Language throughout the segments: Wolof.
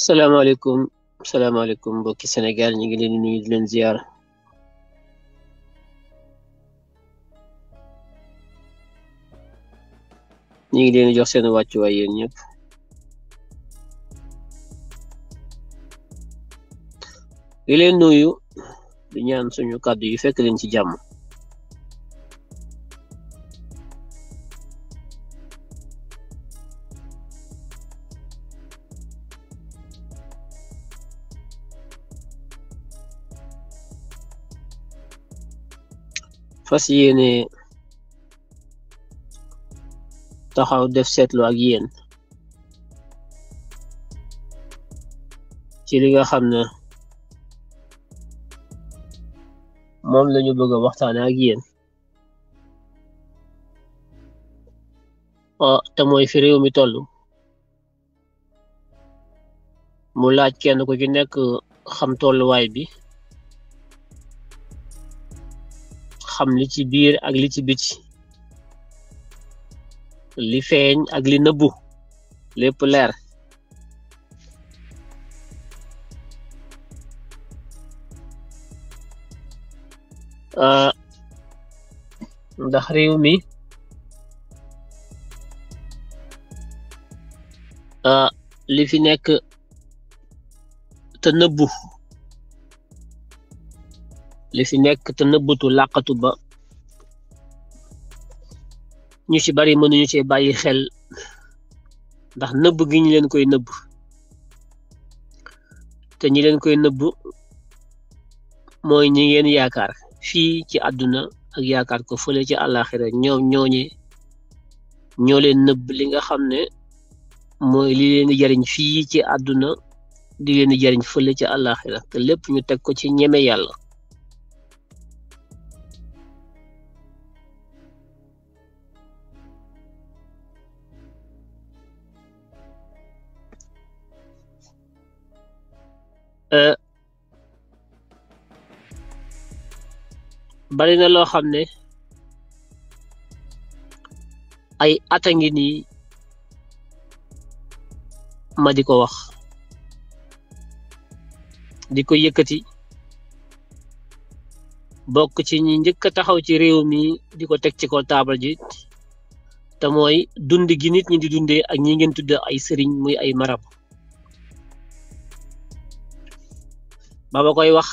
السلام علیکم السلام علیکم وہ کسی نے گیل نہیں گلی نیوزی لینڈ زیار Nigeria'nın Josenu Vacuva yerini yap. Ile nuyu, binyan sunyu kadu, ife kilin si Apa sih ini? Tahu how lo set lu lagi kan? Ciri gak hamna? Mom lu nyoba gak waktu ane lagi kan? Oh, ah, temui firu mitolu. Mulai kian aku jenak hamtol bi. xam li ci biir ak li ci bici li feeñ ak li nëbbu lépp leer euh, ndax réew mi euh, li fi nekk te nëbu li ya fi nekk te nëbbutu làqatu ba ñu ci bari mënuñu cee bàyyi xel ndax nëbb gi ñu leen koy nëbb te ñi leen koy nëbb mooy ñi ngeen yaakaar fii ci àdduna ak yaakaar ko fële ci àllaaxira ñoom ñooñe ñoo leen nëbb li nga xam ne li leen di jariñ fii ci àdduna di leen di jariñ fële ci àllaaxira te lépp ñu teg ko ci ñeme yàlla Euh, bari na loo xam ne ay ata ngi nii ma di ko wax di ko yëkkati bokk ci ñi njëkk a taxaw ci réew mi di ko teg ci ko taabal ji te mooy dund gi nit ñi di dundee ak ñi ngeen tudd ay sëriñ muy ay marab ba ba koy wax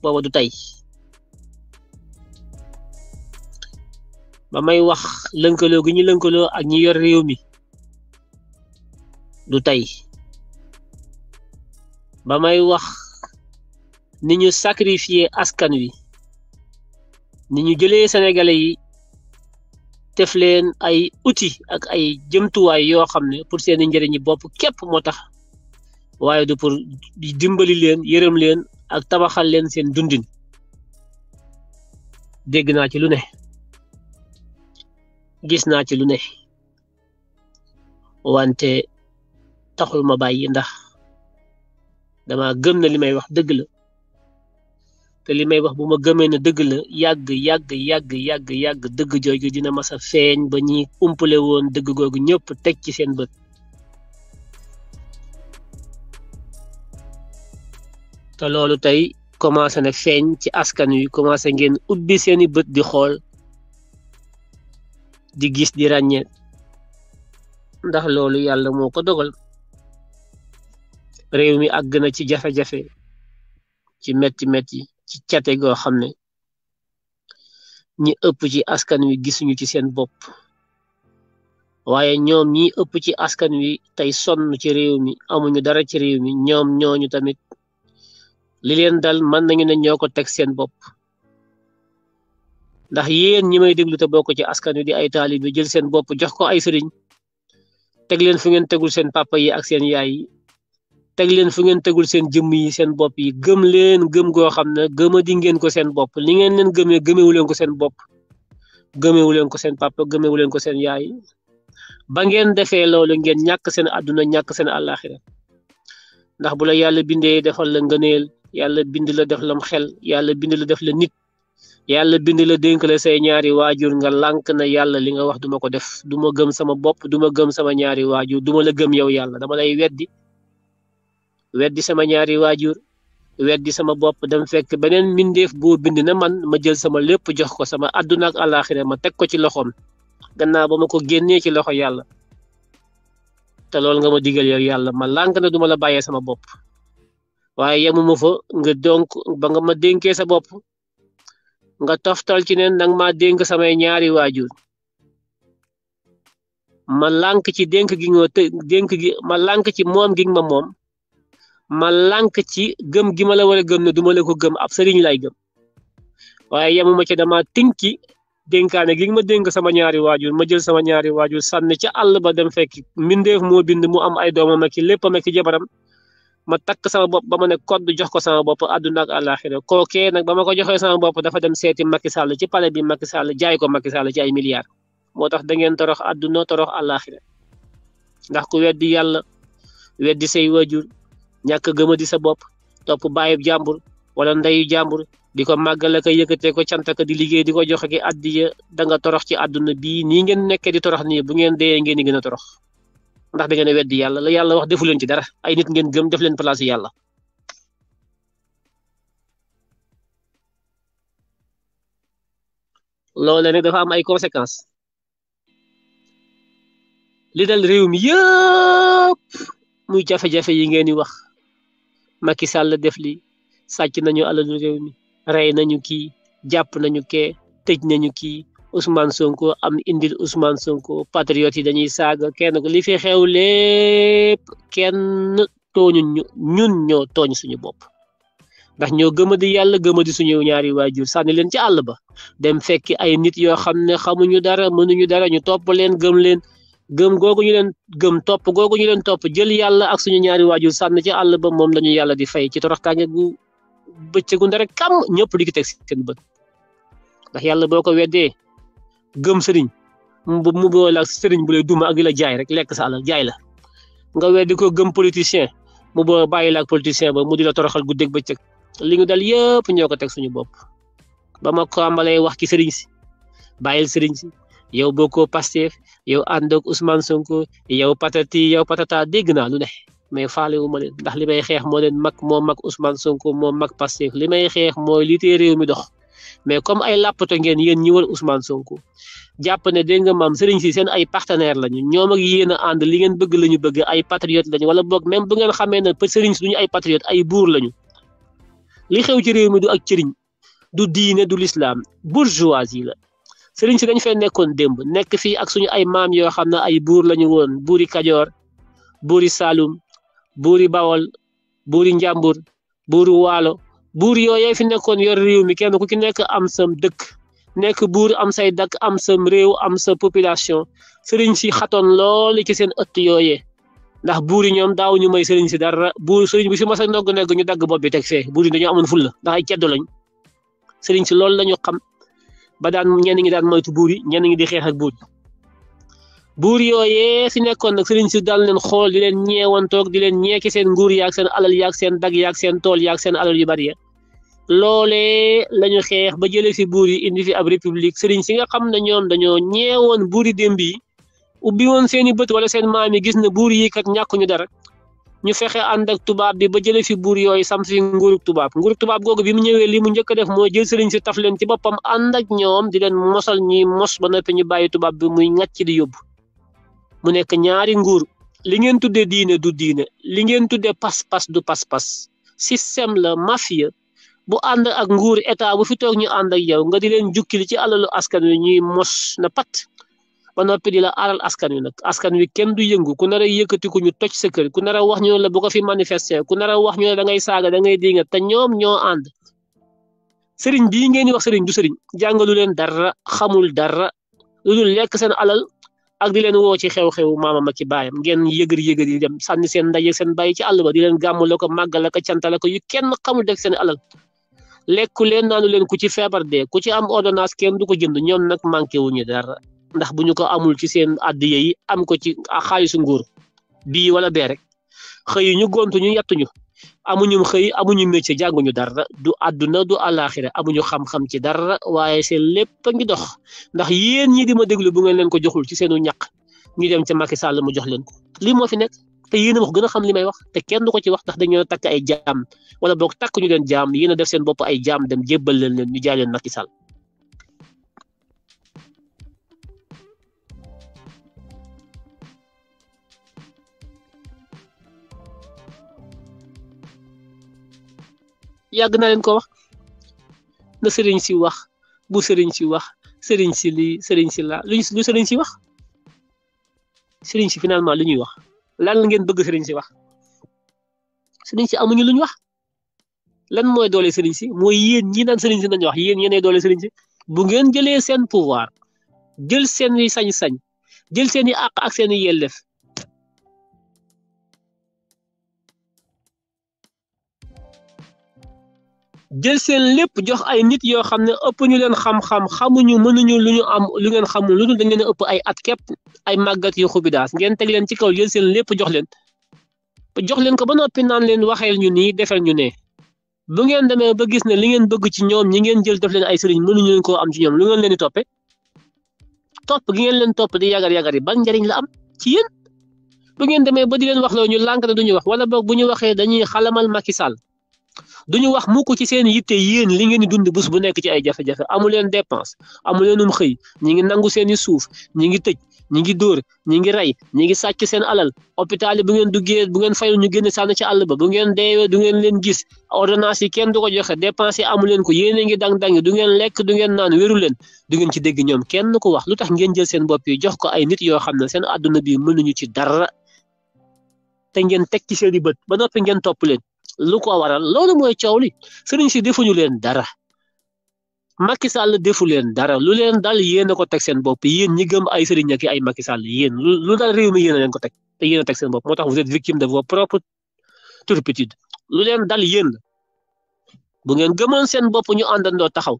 booba du tey ba may wax lënkaloo gi ñu lënkaloo ak ñi yor réew mi du tey ba may wax ni ñu sacrifié askan wi ni ñu jëlee sénégalais yi def leen ay uti ak ay jëmtuwaay yoo xam ne pour seeni njëriñi bopp képp moo tax waaye du pour dimbali leen yërëm leen ak tabaxal leen seen dundin dégg naa ci lu ne gis naa ci lu ne wante taxul ma bàyyi ndax dama gëm na li may wax dëgg la te li may wax bu ma gëmee ne dëgg la yàgg yàgg yàgg yàgg yàgg dëgg jooju dina masa a feeñ ba ñi umpale woon dëgg googu ñëpp teg ci seen bët te loolu tey commencé na feeñ ci askan wi commencé ngeen ubbi seeni bët di xool di gis di ràññee ndax loolu yàlla moo ko dogal réew mi àgg na ci jafe-jafe ci metti metti ci cate goo xam ne ñi ëpp ci askan wi gisuñu ci seen bopp waaye ñoom ñi ëpp ci askan wi tey sonn ci réew mi amuñu dara ci réew mi ñoom ñooñu tamit li leen dal mën nañu ne ñoo ko teg seen bopp ndax yéen ñi may déglu te bokk ci askan wi di ay taalib bi jël seen bopp joxko ay sëriñ teg leen fu ngeen tegul seen papa yi ak seen yaay yi teg leen fu ngeen tegul seen jëmm yi seen bopp yi gëm leen gëm goo xam ne gëma di ngeen ko seen bopp li ngeen leen gëmee gëmewu leen ko seen bopp gëmewu leen ko seen papa gëmewu leen ko seen yaay ba ngeen defee loolu ngeen ñàkk seen àdduna ñàkk seen àllaaxira ndax bu la yàlla bindee defal la ngëneel yàlla bind la def lam xel yàlla bind la def la nit yàlla bind la dénk la say ñaari waajur nga lank na yàlla li nga wax duma ko def duma gëm sama bopp duma gëm sama ñaari wajur, duma la gëm yow yàlla dama lay weddi weddi sama ñaari wajur, weddi sama bopp dem fekk beneen mindeef boo bind na man ma jël sama lépp jox ko sama àdduna ak àllaaxira ma teg ko ci loxom gannaaw ba ma ko génnee ci loxo yàlla te loolu nga ma digal yow yàlla ma lank na duma la bàyyee sama bopp waaye yemuma fa nga donk ba nga ma dénkee sa bopp nga toftal ci neen nag ma dénk samay ñaari waajur ma lank ci dénk gi nga dénk gi ma lànk ci moom gi ma moom ma lànk ci gëm gi ma la war a gëm ne duma la ko gëm ab sëriñ lay gëm waaye yemuma ci dama tinki dénkaane gi ma dénk sama ñaari waajur ma jël sama ñaari waajur sànni ca àll ba dem fekk mbindeef moo bind mu am ay doomam ak ki léppam a i jabaram ma takk sama bopp ba ma ne kodd jox ko sama bopp àdduna ak àllaaxira kookee nag ba ma ko joxee sama bopp dafa dem seeti Macky Sall ci palais bi Macky Sall jaay ko Macky Sall ci ay milliards moo tax da ngeen torox àdduna torox àllaaxira ndax ku weddi yàlla weddi say wajur ñàkk gëma di sa bopp topp bàyyib jàmbur wala ndeyu jàmbur di ko màggale ko yëkkatee ko cant ko di liggéey di ko ki addiya da nga torox ci àdduna bii nii ngeen nekkee di torox nii bu ngeen dee ngeen di gën torox ndax da ngeen wedd weddi yàlla la yàlla wax defu leen ci dara ay nit ngeen gëm def leen place yàlla loolee nag dafa am ay conséquences li dal réew mi yépp muy jafe-jafe yi ngeen ni wax Macky Sall def li sàcc nañu alalu réew mi rey nañu kii jàpp nañu kee tëj nañu kii Ousmane Sonko am indil Ousmane Sonko patriote yi dañuy saga kenn ko li fi xew lepp kenn toñu ñun ñoo tooñ suñu bop ndax ñoo yalla gëma di suñu ñaari wajur sanni leen ci àll ba dem fekki ay nit yo xamne ne xamuñu dara mënuñu dara ñu top leen gëm leen gëm gogu ñu leen gëm top gogu ñu leen top jël yalla ak suñu ñaari wajur sànni ci ba mom lañu yalla di fay ci toroxtaange gu beccu ndara kam ñepp di ki teg seen bët ndax yalla boko ko gëm sëriñ mu mu bo sering sëriñ bu lay duma ak la jaay rek lek sa ala jaay la nga wé diko gëm politicien mu bo bàyyi la ak politicien ba mu di la toroxal guddeeg bëccëg li ñu dal yépp ñoko tek suñu bop ba ma ko amalé wax ci sëriñ si bayil sëriñ si yow boko Pastef yow andok ak Ousmane Sonko yow patati yow patata dégg na lu ne may dah wu ma leen ndax limay xex mo len mak mo mak Ousmane Sonko mo mak Pastef limay xex moy li té réew mi dox mais comme ay làppato ngeen yeen ñi wër Ousmane Sonko japp ne de nga mam Serigne si seen ay partenaire lañu ñom ak yeen and li ngeen bëgg lañu bëgg ay patriote lañu wala bok même bu ngeen xamé ne Serigne duñu ay patriote ay bour lañu li xew ci réew mi du ak cëriñ du diiné du l'islam bourgeoisie la Serigne ci dañ fay nekkon demb nekk fi ak suñu ay mam yo xamna ay bour lañu won bouri kadior bouri Saloum bouri Bawol bouri njambour bouru walo buur yooyee fi nekkoon yor réew mi kenn ku ci nekk am sam dëkk nekk buur am say dakk am sam réew am sa population sëriñ si xatoon loolu ci seen ëtt yooyee ndax buur yi ñoom daaw ñu may sëriñ si dara buur sëriñ bi si mas a ndogg nekk ñu dagg bopp bi teg fee buur yi dañoo amoon fulla ndax ay ceddo lañ sëriñ si loolu lañu xam ba daan ñenn ñi daan moytu buur yi ñenn ñi di xeex ak buur yi buur yooyee fi nekkoon nag sëriñ si daan leen xool di leen ñeewantoog di leen ñeeki seen nguur yaak seen alal yaak seen dag yaa seen tool yaak seen alal yu bari lolé lañu xeex ba jëlee fi bour yi indi fi ab république sëriñ ci nga xam ne ñoom dañoo ñeewoon bour yi dembi ubbi won seeni bëtt wala seen maam yi gis na bour yi kat ñu dara ñu fexé and ak tubaab bi ba jëlee fi bour yoy sam fi nguurug tubaab nguurug tubaab gogu bi mu ñëwé li mu ñëk def mooy jël sëriñ ci taf leen ci bopam and ak ñoom di leen mosal ñi mos ba noppi ñu bayyi tubaab bi muy ŋàcc di yob mu nekk ñaari nguur li ngeen tuddé diiné du diiné li ngeen tuddé pas-pas du pas-pas système la mafia bu ànd ak nguur état bu fi toog ñu ànd ak yow nga di leen jukkili ci alalu askan wi ñuy mos na pat ba noppi di la aaral askan wi nag askan wi kenn du yëngu ku nar a ñu toj sa kër ku nara a wax ñu ne bu ko fi manifester ku nara a wax ñu ne da ngay saaga da ngay dinga te ñoom ñoo ànd sëriñ bii ngeen di wax sëriñ du sëriñ jàngalu leen dara xamul dara lu dul lekk seen alal ak di leen woo ci xew-xew maamam ak ci baayam ngeen yëgër yëgër yi dem sànni seen ndaje seen bàyyi ci àll ba di leen gàmmale ko màggale ko cantale ko yu kenn xamul def seen alal. lekk leen naanu leen ku ci feebar dee ku ci am ordonnance kenn du ko jënd ñoom nag manqué wuñu dara ndax bu ñu ko amul ci seen addiya yi am ko ci xaalisu nguur bii wala bee rek xëyu ñu gontu ñu yettuñu amuñu xëy amuñu métier jànguñu dara du àdduna du àllaaxira amuñu xam-xam ci dara waaye seen lépp a ngi dox ndax yen ñi di ma déglu bu ngeen leen ko joxul ci seenu ñàq ñu dem ci Macky Sall mu jox leen ko fi nekk. te yéen a wax gën a xam li may wax te kenn du ko ci wax ndax dañoo takk ay jaam wala boog takk ñu leen jaam yéen def seen bopp ay jaam dem jébbal leen leen ñu jaay leen Macky Sall yàgg leen ko wax na sëriñ si wax bu sëriñ si wax sëriñ si sëriñ si laa lu sëriñ si wax sëriñ si finalement lu ñuy wax lan ngeen bëgg sëriñ si wax sëriñ si amuñu luñ wax lan mooy doole sëriñ si mooy yéen ñi naan si nañu wax yéen yéenay doole sëriñ si bu ngeen jëlee seen pouvoir jël seen i sañ-sañ jël seen i àq ak seen i yellef jël seen lépp jox ay nit yoo xam ne ëpp ñu leen xam-xam xamuñu mënuñu lu ñu am lu ngeen xamul lu dul dañ leen ëpp ay at képp ay màggat yu xubidaas ngeen teg leen ci kaw jël seen lépp jox leen jox leen ba noppi naan leen waxeel ñu nii defeel ñu ne bu ngeen demee ba gis ne li ngeen bëgg ci ñoom ñi ngeen jël def leen ay sëriñ mënuñu leen koo am ci ñoom lu ngeen leen di toppe ngeen leen topp di yagar yagar yi ban njariñ la am ci yéen bu ngeen demee ba di leen wax loolu ñu lànk ne duñu wax wala boog bu ñu waxee dañuy xalamal Macky Sall duñu wax mukk ci seen yitte yéen li ngeen di dund bés bu nekk ci ay jafe-jafe amu leen dépense amu leenum xëy ñi ngi nangu seeni suuf ñi ngi tëj ñi ngi dóor ñi ngi rey ñi ngi sàcc seen alal hôpital yi bu ngeen duggee bu ngeen fayul ñu génn sànn ci àll ba bu ngeen deewee du ngeen leen gis ordonnance yi kenn du ko joxe dépense yi amu leen ko yéen a ngi dang-dangi du ngeen lekk du ngeen naan wéru leen du ngeen ci dégg ñoom kenn ko wax lu tax ngeen jël seen bopp yi jox ko ay nit yoo xam ne seen àdduna bi mënuñu ci dara te ngeen teg ci seen i bët ba noppi ngeen topp leen lu ko waral loolu mooy coow li sëriñ si defuñu leen dara Macky Sall defu leen dara lu leen dal yéen a ko teg seen bopp yéen ñi gëm ay sëriñ ak ay Macky Sall yéen lu dal réew mi yéen leen ko teg te yéen a seen bopp moo tax vous êtes victime de vos propres turpitudes lu leen dal yéen bu ngeen gëmoon seen bopp ñu àndandoo taxaw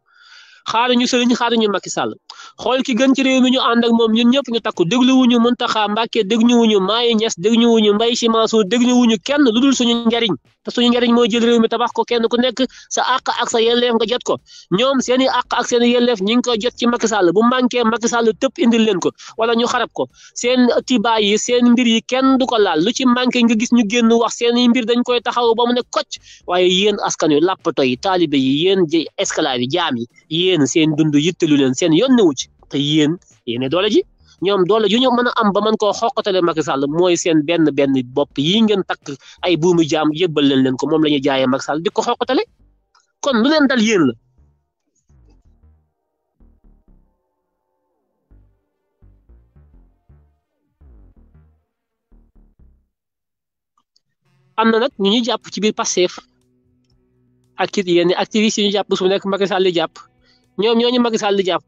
ñu sëriñ xaaruñu Macky Sall xool ki gën ci réew mi ñu ànd ak moom ñun ñëpp ñu takku dégluwuñu ñees Mbacké dégluwuñu Maye mbay dégluwuñu Mbaye Sy Mansour wuñu kenn lu dul suñu njariñ te suñu njariñ mooy jël réew mi tabax ko kenn ku nekk sa àq ak sa yelleef nga jot ko ñoom seeni àq ak seeni yelleef ñi ngi ko jot ci Macky Sall bu manqué Macky Sall tëpp indil leen ko wala ñu xarab ko seen tibaay yi seen mbir yi kenn du ko laal lu ci manqué nga gis ñu génn wax seeni mbir dañ koy taxaw ba mu ne kocc waaye yéen askan wi làppato yi taalibe yi yéen esclave yi jaam yi yéen seen dund yittelu leen seen yoon newu ci te yéen yéene doole ji ñoom doole ju ñu mën a am ba mën koo xoqatale Macky Sall mooy seen benn benn bopp yi ngeen takk ay buumu jaam yëbbal leen leen ko moom la ñuy jaayee Macky Sall di ko xoqatale kon lu dal yéen la am na nag ñu ñuy jàpp ci biir Pastef ak yenn activistes yi ñu jàpp su nekk Macky jàpp ñoom ñooñu Macky Sall di jàpp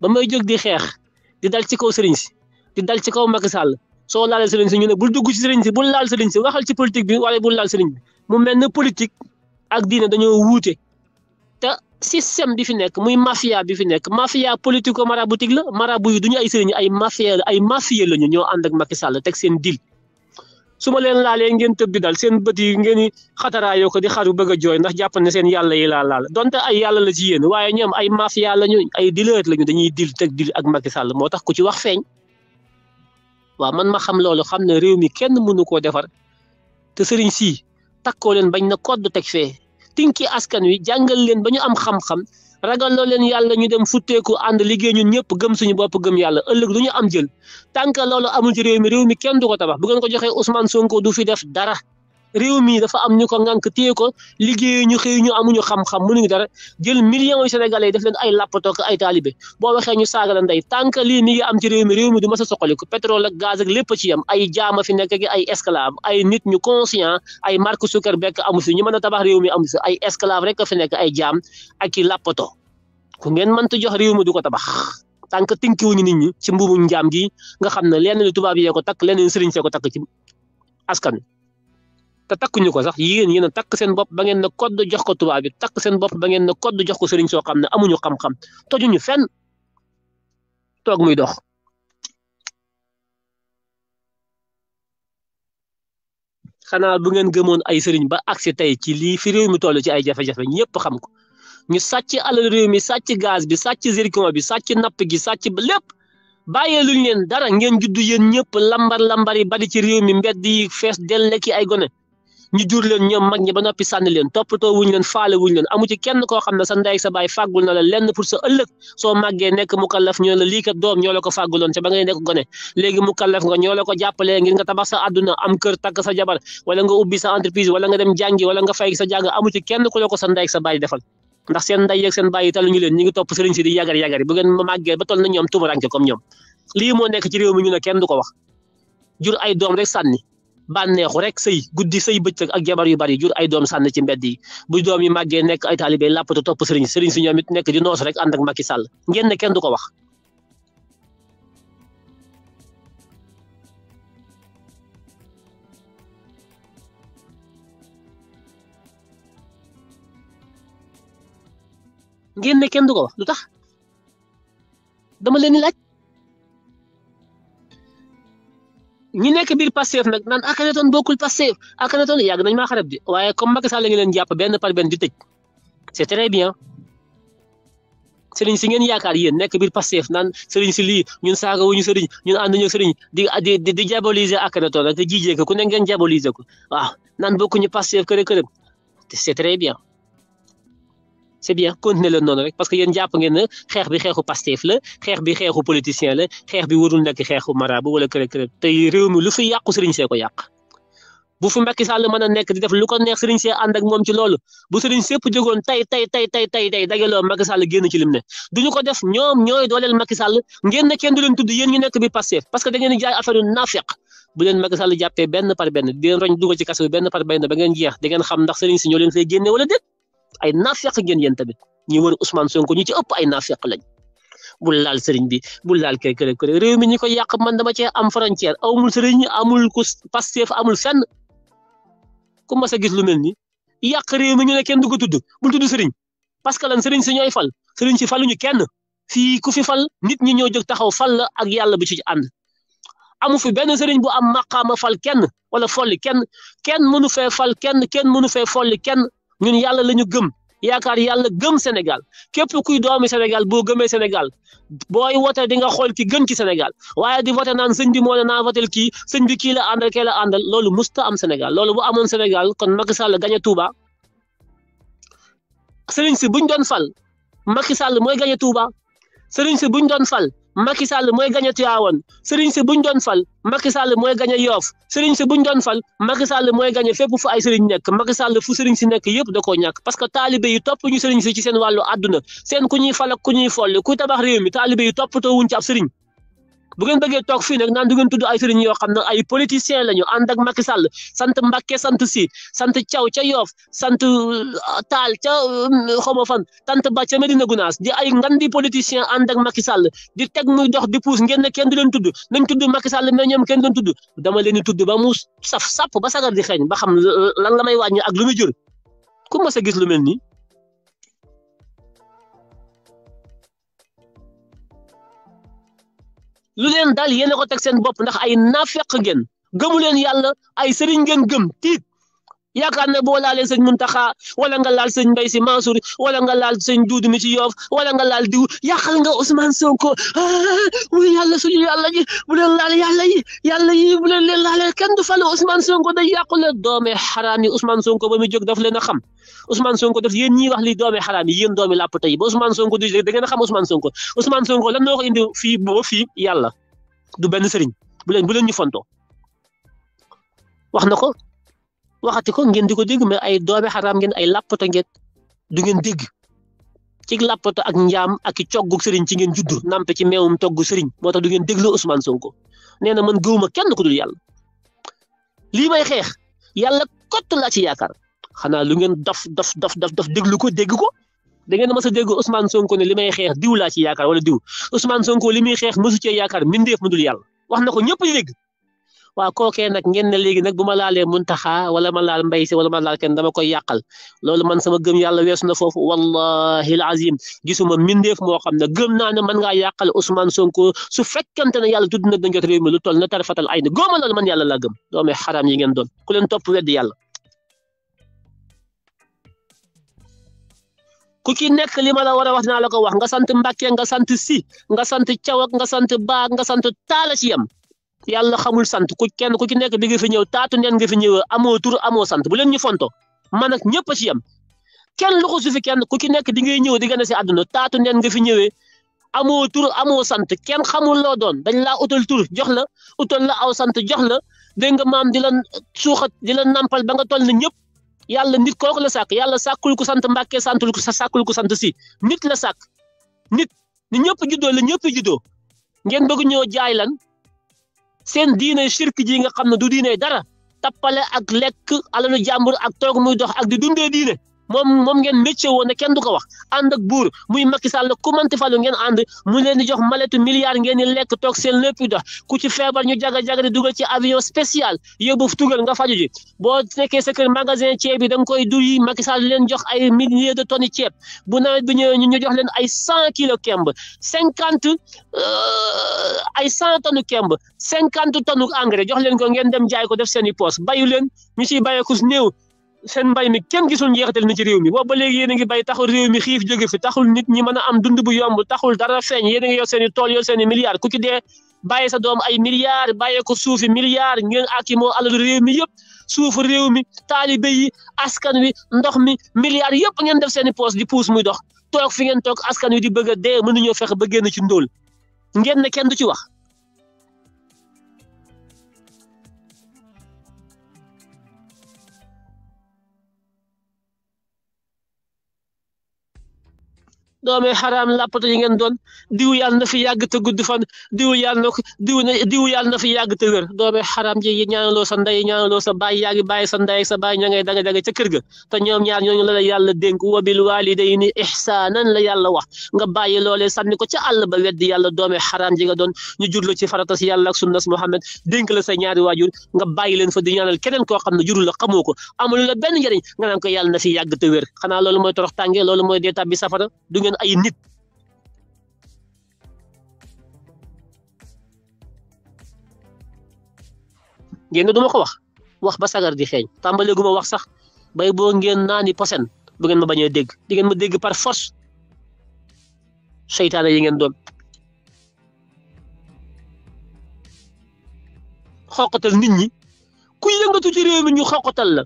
ba may jóg di xeex di dal ci kaw sëriñ si di dal ci kaw Macky Sall soo laalee sëriñ si ñu ne bul dugg ci sëriñ laal sëriñ si waxal ci politique bi wala bul laal sëriñ bi mu mel ne politique ak diine dañoo wuute te système bi fi nekk muy mafia bi fi nekk mafia politico maraboutique la mara yi du ñu ay sëriñ ay mafia ay mafia la ñu ñoo ànd ak Macky Sall teg seen dil su ma leen laalee ngeen tëb di dal seen bët yi ngeen i xataraayoo ko di xaru bëgg a jooy ndax jàpp ne seen yàlla yi laa laal donte ay yàlla la ci yéen waaye ñoom ay mafia la ñu ay dileet la ñu dañuy dil teg dil ak Macky sàll moo tax ku ci wax feeñ waaw man ma xam loolu xam ne réew mi kenn mënu koo defar te sëriñ si takkoo leen bañ na kodd teg fee tinki askan wi jàngal leen ba ñu am xam-xam ragal loo leen yàlla ñu dem futteeku ànd liggéey ñun ñëpp gëm suñu bopp gëm yàlla ëllëg du am jël tant que loolu amul ci réew mi réew mi kenn du ko tabax bu ngeen ko joxee usman Sonko du fi def dara réew mii dafa am ñu ko ngànk téye ko liggéeyu ñu xëy ñu amuñu xam-xam mënuñu dara jël millions yu sénégalais yi def leen ay làppatoo ak ay taalibe boo waxee ñu saaga la ndey tant que lii mi ngi am ci réew mi réew mi du mas a soqaliku pétrole ak gaz ak lépp ci yam ay jaama fi nekk ak ay esclave ay nit ñu conscient ay Mark Zuckerberg amu fi ñu mën a tabax réew mi amu fi ay esclave rek fi nekk ay jam ak i làppato ku ngeen mënta jox réew mi du ko tabax tant que tinkiwuñu nit ñi ci mbuumu njaam gi nga xam ne lenn li tubaab yee ko takk lenn sëriñ see ko takk ci askan te takkuñu ko sax yéen yéen a takk seen bopp ba ngeen na kodd jox ko tubaab takk seen bopp ba ngeen na kodd jox ko sëriñ soo xam ne amuñu xam-xam tojuñu fenn toog muy dox. xanaa bu ngeen gëmoon ay sëriñ ba agsi tey ci lii fi réew mi toll ci ay jafe-jafe ñëpp xam ko ñu sàcc alal réew mi sàcc gaz bi sàcc zircon bi sàcc napp gi ba lépp bàyyee luñ leen dara ngeen juddu yéen ñëpp lambar lambar yi bari ci réew mi mbedd yi fees delleki ay gone ñu jur leen ñoom mag ñi ba noppi sànni leen toppatoo wuñ leen faale wuñ leen amu ci kenn koo xam ne sa ndey sa baay fàggul na la lenn pour sa ëllëg soo màggee nekk mu kallaf ñoo la lii ñoo la ko fàgguloon te ba ngay nekk gone léegi mu kallaf nga ko jàppalee ngir nga tabax sa àdduna am kër takk sa jabar wala nga ubbi sa entreprise wala nga dem jàngi wala nga fay sa jàng amu ci kenn ku la ko sa ndey sa baay defal ndax seen ndey ak seen baay yi taluñu leen ñi ngi topp sëriñ si di yagar yagar bu ngeen màggee ba toll moo nekk ci réew mi ñu ne kenn du ko wax jur ay doom rek sànni bànneexu rek sëy guddi sëy bëccëg ak jabar yu bari jur ay doom sànni ci mbedd yi bu doom yi màggee nekk ay taalibe làppatu topp sëriñ sëriñ si ñoom it nekk di noos rek ànd ak Macky Sall ngeen ne kenn du ko wax ngeen ne kenn du ko wax lu tax dama leen ñi nekk biir Pastef nag naan Akhenaton bokkul Pastef Akhenaton yàgg nañ ma xarab di waaye comme Macky Sall la ngi leen jàpp benn par benn di tëj c'est très bien sëriñ si ngeen yaakaar yéen nekk biir Pastef naan sëriñ si lii ñun saaga wuñu sëriñ ñun ànd ànduñu sëriñ di di di diaboliser Akhenaton rek di jiijee ko ku ne ngeen diaboliser ko waaw naan bokkuñu Pastef kër kërëm c'est très bien c'est bien continuer leen noonu rek parce que yéen jàpp ngeen ne xeex bi xeexu Pastef la xeex bi xeexu politicien la xeex bi warul nekk xeexu marabu wala kër kër tey réew fi yàqu Serigne Seye ko yàq bu fi Macky Sall mën di def lu ko neex Serigne Seye ànd ak moom ci loolu bu Serigne sépp jógoon tey tey tey tey tey tey génn ci lim ne duñu ko def ñoom ñooy dooleel Macky Sall ngeen ne kenn du leen tudd bi Pastef parce que da ngeen ay naafeq ngeen yéen tamit ñi wër Ousmane Sonko ñu ci ëpp ay naafeq lañ bul laal bi bul laal kër kër kër réew mi ñu ko yàq man dama am frontière amul sëriñ amul ku Pastef amul fenn ku mas a gis lu mel ni yàq réew mi ñu ne kenn du ko tudd bul tudd sëriñ parce que lan sëriñ si ñooy fal sëriñ si faluñu kenn fii ku fi fal nit ñi ñoo jóg taxaw fal la ak yàlla bi ci ànd amu fi benn bu am maqaama fal kenn wala folli kenn kenn mënu fee fal kenn kenn mënu fee folli kenn ñun yàlla lañu ñu gëm yaakaar yàlla gëm Sénégal képp kuy doomi Sénégal boo gëmee Sénégal booy wote di nga xool ki gën ci Sénégal waaye di vote naan sëñ bi moo ne naa votel kii sëñ bi kii la àndal kee la àndal loolu musta am Sénégal loolu bu amoon Sénégal kon Macky Sall gañe Touba sëriñ si buñ doon fal Macky Sall mooy gañe Touba sëriñ si buñ doon fal Macky Sall mooy gañe Tivaouane sëriñ si buñ doon fal Macky Sall mooy gañe Yoff sëriñ si buñ doon fal Macky Sall mooy gañe fépp fu ay sëriñ nekk Macky Sall fu sëriñ si nekk yëpp da koo ñàkk parce que taalibe yi topp ñu sëriñ si ci seen wàllu àdduna seen ku ñuy fal ak ku ñuy foll ku tabax réew mi taalibe yi toppatoo wuñ ci ab sëriñ bu ngeen bëggee toog fii nag naan du ngeen tudd ay sëriñ yoo xam ne ay politiciens lañu ànd ak Macky Sall sant Mbacke sant si sant Thiaw ca Yoff sant euh, Taal ca euh, xawma fan tant ba ca Medina Gunaas di ay ngandi politiciens ànd ak Macky Sall di teg muy dox di puus ngeen ne kenn du leen tudd nañ tudd Macky Sall mais ñoom kenn du leen tudd dama leen di tudd ba mu saf sàpp ba sagar di xeeñ ba xam euh, lan la may wàññi ak lu muy jur ku mës a gis lu mel nii. lu leen dal yéen a ko teg seen bopp ndax ay naafeq ngeen gëmu leen yàlla ay sëriñ ngeen gëm tiit yaakaar ne boo laalee sëñ Muntaxa wala nga laal sëñ Mbay si Mansour wala nga laal sëñ Duudu mi ci Yoof wala nga laal diw yàqal nga Ousmane Sonko ah, muy yàlla suñu yàlla ji bu leen laal yàlla yi yàlla yi bu leen leen laalee kenn du fale Ousmane Sonko day yàqu la doome xaraam yi Ousmane Sonko ba mu jóg daf leen a xam Ousmane Sonko daf yéen ñiy wax li doome xaraam yi yéen doomi làpp tey ba Ousmane Sonko du da ngeen a xam Ousmane Sonko Ousmane Sonko lan noo ko indi fii boo fii yàlla du benn sëriñ bu leen bu leen ñu fonto wax na ko waxati ko ngeen di ko dégg mais ay doomi xaraam ngeen ay làppato ngeen du ngeen dégg ci làppato ak njaam ak i coggu sëriñ ci ngeen juddu nampe ci meewum togg sëriñ moo tax du ngeen déglu Ousmane Sonko nee na man gëwuma kenn ku dul yàlla lii may xeex yàlla kott laa ci yaakaar xanaa lu ngeen daf daf daf daf daf déglu ko dégg ko da ngeen mës a dégg Ousmane Sonko ne li may xeex diw laa ci yaakaar wala diw Ousmane Sonko li muy xeex mësu cee yaakaar mbindeef mu dul yàlla wax na ko ñëpp di waaw kookee nag ngeen ne léegi nag bu ma laalee muntaxaa wala ma laal mbay si wala ma laal kenn dama koy yàqal loolu man sama gëm yàlla weesu na foofu wallahi alazim gisuma mindeef moo xam ne gëm naa ne man ngaa yàqal Ousmane Sonko su fekkante ne yàlla tudd na dañ jot réew mi lu toll na tarafatal ay na góoma loolu man yàlla laa gëm doomee xaram yi ngeen doon ku leen topp wedd yàlla ku ci nekk li ma la war a wax naa la ko wax nga sant Mbàkke nga sant si nga sant Thiaw nga sant Ba nga sant Taala ci yam yàlla xamul sant ku kenn ku ci nekk bi nga fi ñëw taatu neen nga fi ñëwee amoo tur amoo sant bu leen ñu fonto man ñëpp a ci yem kenn lu ko su fi kenn ku ci nekk di ngay ñëw di gën a si àdduna taatu neen nga fi ñëwee amoo tur amoo sant kenn xamul loo doon dañ laa utal tur jox la utal la aw sant jox la dégg nga maam di la suuxat di la nampal ba nga toll ne ñëpp yàlla nit kooku la sàkk yàlla sàkkul ku sant mbàkkee santul ko sa sàkkul ko sant si nit la sàkk nit ñi ñëpp juddoo la ñëpp juddoo ngeen bëgg ñoo jaay lan seen diine shirk ji nga xam ne du diine dara tappale ak lekk alalu jàmbur ak toog muy dox ak di dundee diine moom moom ngeen mbécce woon ne kenn du ko wax ànd ak buur muy Macky Sall ku manti falu ngeen ànd mu leen di jox maletu milliards ngeen di lekk toog seen lépp dox ku ci feebar ñu jaga-jaga di dugal ci avion spécial yóbbu tugal nga faju ji boo nekkee sa kër magasin ceeb bi da nga koy duy Macky Sall leen jox ay milliers de tonnes ceeb bu nawet bi ñëwee ñu jox leen ay cent kilo kemb cinquante euh, ay cent tonnes kemb cinquante tonnes engrais jox leen ko ngeen dem jaay ko def seen i poos bayu leen ñu ciy bàyyeeku néew seen mbay mi kenn gisul njeexital na ci réew mi wax ba léegi yéen ngi bay taxul réew mi xiif jóge fi taxul nit ñi mën a am dund bu yomb taxul dara feeñ yéen a ngi yor seen i tool yor seen i milliards ku ci dee sa doom ay milliards bàyyee ko suufi milliards ngen àkki moo alalu réew mi yëpp suufu réew mi taalibe yi askan wi ndox mi milliards yëpp ngeen def seen i poos di puus muy dox toog fi ngeen toog askan wi di bëgg a dee mënuñoo fexe ba génn ci ndóol ngeen ne kenn du ci wax doomee xaraam làppata yi ngeen doon diw yàlla na fi yàgg te gudd fan diw yàlla na ko diw na diw yàlla na fi yàgg te wér doomee xaraam ji yi ñaanaloo sa ndey ñaanaloo sa baay yaa ngi bàyyi sa ndey sa baay ña ngay danga danga ca kër ga te ñoom ñaar ñooñu la la yàlla dénk wa bil waalidayni ihsaanan la yàlla wax nga bàyyi loolee sànni ko ca àll ba weddi yàlla doome xaraam ji ga doon ñu jur la ci farata si yàlla ak sunnas Muhammad dénk la sa ñaari waajur nga bàyyi leen fa di ñaanal keneen koo xam ne jurul la xamoo ko amul la benn njëriñ na yàgg te wér xanaa mooy torox tànge loolu mooy dee tàbbi safara du I need génn duma ko wax wax ba sagar di xeeñ guma wax sax bay bo ngeen nani posen bu ngeen ma bañ deg. di ngeen ma deg par force Shaytan yi ngeen doon Xoxatal nit ñi ku yëngatu ci réew mi ñu xoxatal la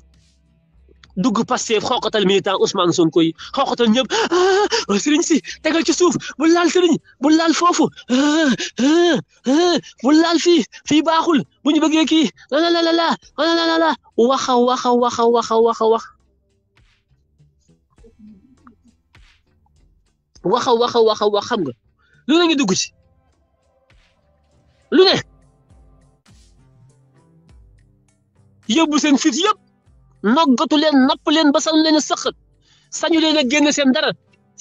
dugg Pastef xooqatal militant Ousmane Sonko yi xooqatal ñëpp ah oh, sëriñ si tegal ci suuf bu laal sëriñ bu laal foofu ah, ah, ah, bu laal fii baaxul bu ñu bëggee kii la la la waxa waxa waxa waxa waxa waxa xam nga lu ne ngi dugg ci lu ne yóbbu seen fit yëpp. noggatu leen napp leen ba sañ leen a sëq sañu leen a génn seen dara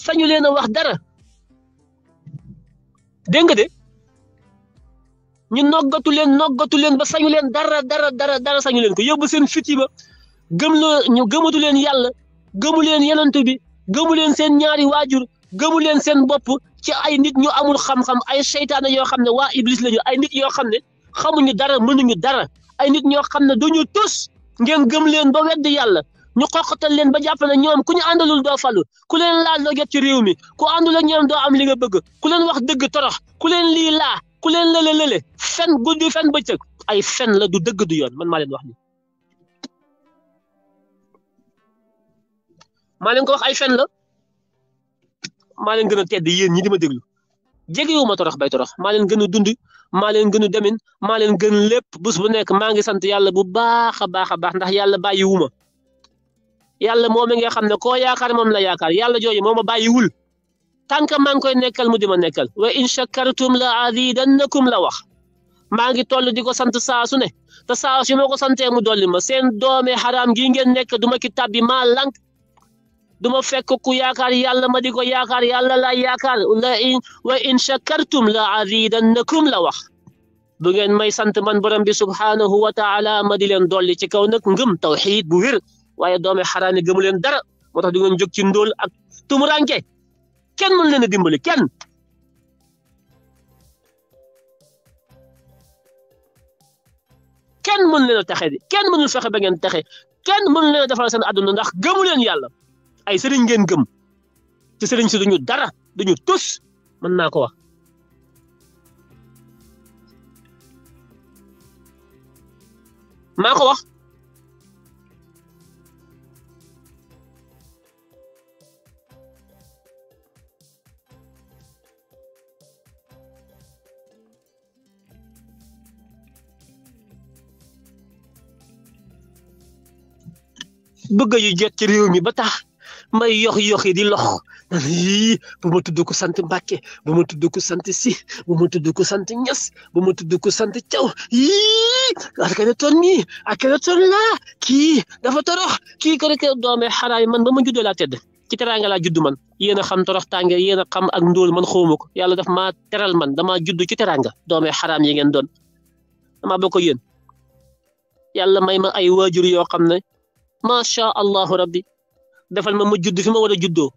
sañu leen a wax dara dégg nga de ñu noggatu leen noggatu leen ba sañu leen dara dara dara dara sañu leen ko yóbbu seen fit yi ba gëm la ñu gëmatu leen yàlla gëmu leen yenant bi gëmu leen seen ñaari waajur gëmu leen seen bopp ci ay nit ñu amul xam-xam ay seytaane yoo xam ne waa iblis lañu ay nit yoo xam ne xamuñu dara mënuñu dara ay nit ñoo xam ne duñu tus ngeen gëm leen ba weddi yàlla ñu xoqatal leen ba jàpp ne ñoom ku ñu àndalul doo falu ku leen laaj loo ci réew mi ku àndul ak ñoom doo am li nga bëgg ku leen wax dëgg torox ku leen lii laa ku leen lële lële fen guddi fen ay fen la du dëgg du yoon man maa leen wax ni maa leen ko wax ay fen la maa leen gën a tedd yéen ñi di ma déglu jegewuma torox bay torox maa leen gën a dund maa leen gënu demin maa leen gën lépp bés bu nekk maa ngi sant yàlla bu baax a baax ndax yàlla bàyyiwu ma yàlla moom mi nga xam ne koo yaakaar moom la yaakaar yàlla jooju moom a bàyyiwul tant que maa ngi koy nekkal mu di nekkal wa in shakartum la azidannakum la wax maa ngi toll di sant saa su ne te saa su ma ko mu dolli ma seen doome xaraam gi ngeen nekk du ki tàbbi maa lank du ma fekk ku yaakaar yàlla ma di ko yaakaar yàlla laa yaakaar la in wa in shakartum la azidannakum la wax bu ngeen may sant man borom bi subhaanahu wa taala ma di leen dolli ci kaw nag ngëm tawxiid bu wér waaye doome xaraami gëmu leen dara moo tax du ngeen jóg ci ndóol ak tumuranke kenn mën leen a dimbali kenn kenn mën leen a taxe di kenn mënul fexe ba ngeen taxe kenn mënul leen a defal seen àdduna ndax gëmu leen yàlla ay sëriñ ngeen gëm ci sëriñ si duñu dara duñu tous mën naa ko wax maa ko wax bëgg yu jot ci réew mi ba tax may yox yi di lox bu ma tudd ko sant mbàkke bu ma tudd ko sant si bu ma tudd ko sant ñas bu ma tudd ko sant caw yii ton mi ak akene ton la ki dafa torox ki ko rek doome xaraay man ba ma juddoo laa tedd ci teranga la judd man yena iya xam torox tànge yena iya xam ak ndóol man xawma ko yàlla daf ma teral man dama judd ci teranga doome xaraam yi ngeen doon dama bokk yeen yàlla may ma ay wajur yoo xam ne masha allahu rabbi defal ma ma judd fi ma war a juddoo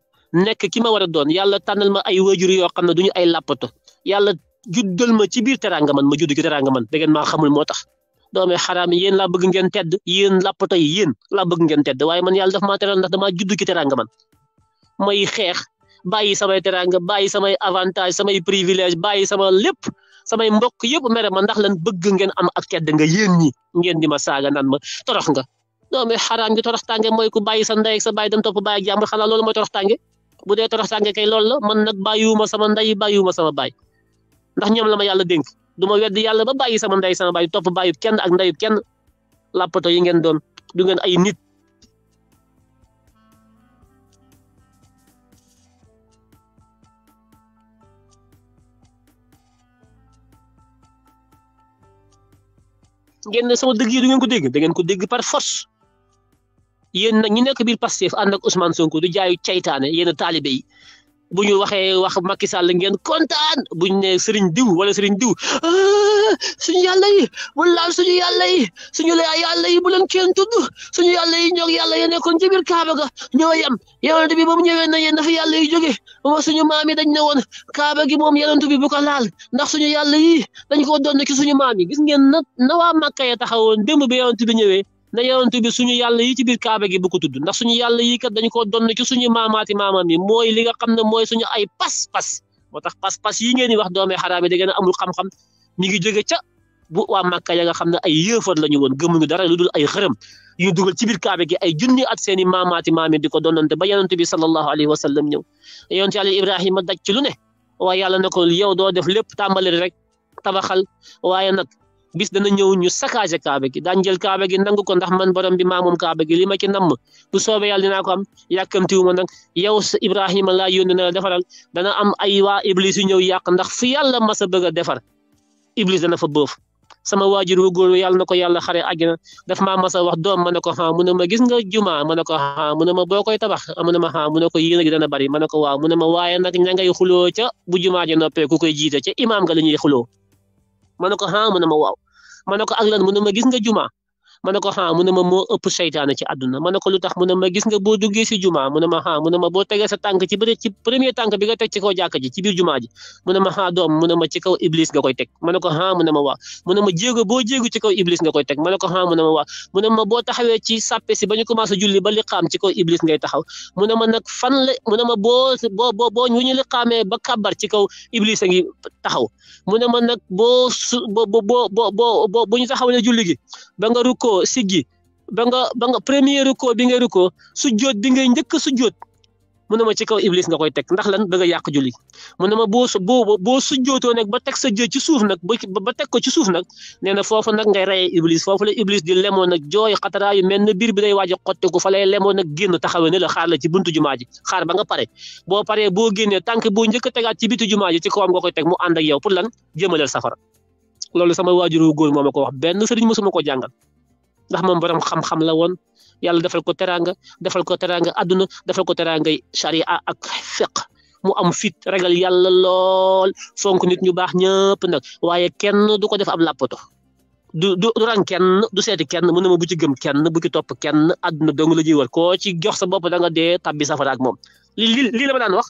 nekk ki ma war a doon yàlla tànnal ma ay waajur yoo xam ne du ñu ay làppato yàlla juddal ma ci biir teraanga man ma judd ci teraanga man da ngeen maa xamul moo tax doome xaraam yéen laa bëgg ngeen tedd yéen làppato yéen laa bëgg ngeen waaye man yàlla daf maa teral ndax damaa judd ci may xeex bàyyi samay teraanga bàyyi samay avantage samay privilège bàyyi sama lépp samay mbokk yëpp mere ma ndax lan bëgg ngeen am ak tedd nga yéen ni ngeen di ma saaga naan ma torox nga doomi haram gi tangé moy ku bayyi sa nday ak sa bàyyi dem top bàyyi ak xana lolu tangge. torox tangé bu torox tangé kay lolu man nak bàyyiwuma sama nday bàyyiwuma sama bàyyi ndax ñom lama yalla denk duma wedd yalla ba bayyi sama nday sama bàyyi top bàyyi kenn ak nday kenn làppato yi ngeen doon du ngeen ay nit ngeen sama deug yi du ngeen ko deg ngeen ko deg par force yéen nag ñi nekk biir Pastef ànd ak Ousmane Sonko du jaayu caytaane yéen taalibe yi bu ñu waxee wax Macky Sall ngeen kontaan bu ñu nee Serigne diw wala Serigne diw ah, suñu yàlla yi wala laal suñu yàlla yi suñu la yàlla yi bu leen kenn tudd suñu yàlla yi ñoog yàlla yi nekkoon ci biir Kaaba ga ñoo yem yonent bi ba mu ñëwee na yéen fi yàlla yi jóge ba suñu maam yi dañ ne woon Kaaba gi moom yonent bi bu ko laal ndax suñu yàlla yi dañ ko doon ki suñu maam yi gis ngeen na na waa Makka ya taxawoon démb bi bi ñëwee. na yonent suñu yàlla yi ci biir kaaba gi bu ko tudd ndax suñu yàlla yi kat dañu ko donn ci suñu maamaati maamaam yi mooy li nga xam ne mooy suñu ay pas-pas moo tax pas-pas yi ngeen di wax doomee xaraam yi da ngeen amul xam-xam mi ngi jege ca bu waa Màkka ya nga xam ne ay yëefar la ñu woon gëmuñu dara lu dul ay xërëm yu dugal ci biir kaaba gi ay junni at seeni maamaati maam yi di ko donnante ba yonent bi sallallahu alayhi wa sallam ñëw yonent yàlla Ibrahima daj lu ne waaye yàlla na ko yow doo def lépp tàmbali rek tabaxal waaye nag bis dana ñëw ñu saccagé kaaba gi daan jël kaaba gi nangu ko ndax man borom bi maa moom kaaba gi li ci namm bu soobee yàlla dinaa ko am yàkkamtiwu ma nag yow Ibrahima laa yónnee na defaral dana am ay waa iblis yu ñëw yàq ndax fi yàlla mas a bëgg a defar iblis dana fa boof sama waajur wu góor yàlla na ko yàlla xare àjjana daf maa masa wax doom ma ne ko xaa mu ne ma gis nga juma ma ne ko xaa mu ne ma boo koy tabax mu ne ma xaa mu ne ko yéen gi dana bari ma ne ko waaw mu ne ma waaye nag ña ngay xuloo ca bu jumaa ji noppee ku koy jiite ca imaam ga la ñuy xuloo ma ko ah mu ne ma waaw ne ko ak lan ma gis nga juma ma ne ko ah mu ne ma moo ëpp seytaane ci àdduna ma ne ko lu tax mu ne ma gis nga boo dugge si juma mu ne ma ah mu ne boo tegee sa tànk ci bëri ci premier tànk bi nga teg ci kaw jàkka ji ci biir juma ji mu ne doom mu ci kaw iblis nga koy teg ma ko ah mu ne ma waaw mu boo jéego ci kaw iblis nga koy teg ma ne ko ah mu ne ma waaw mu ne ma boo taxawee ci sàppe si ba ñu commencé julli ba ci kaw iblis ngay taxaw mu ne ma nag fan la mu ne ma boo bo boo ñu liqaamee ba kàbbar ci kaw iblis a tahaw mune man nak bo bo bo bo bo, bo, bo buñu taxaw na julli gi ba nga ruko sigi ba nga ba nga premier ruko bi nga ruko sujjot bi nga ñëk sujjot mu ne ma ci kaw iblis nga koy teg ndax lan bëgg a yàq julli mu ne ma boo boo boo sujjootoo nag ba teg sa jë ci suuf nag ba teg ko ci suuf nag nee na foofu nag ngay reye iblis foofu la iblis di lemoon nag jooy xataraa yu mel ne biir bi day waaj a xottiku fa lay lemoon nag génn taxawee ne la xaar la ci buntu jumaa ji xaar ba nga pare boo paree boo génnee tànk boo njëkk a tegaat ci bitu jumaa ji ci kawam nga koy teg mu ànd ak yow pour lan jëmaleel safara loolu sama waajuru góor moo ma ko wax benn sëriñ mosuma ko jàngal ndax moom borom xam la woon yalla defal ko teranga defal ko teranga aduna defal ko teranga sharia ak fiq mu am fit ragal yalla lol fonk nit ñu bax ñepp nak waye kenn du ko def am lapoto du du du rang kenn du seti kenn mu ne ma bu ci gem kenn bu ci top kenn do nga la jiwal ko ci jox sa bop da nga de tabbi safara ak mom li li la ma dan wax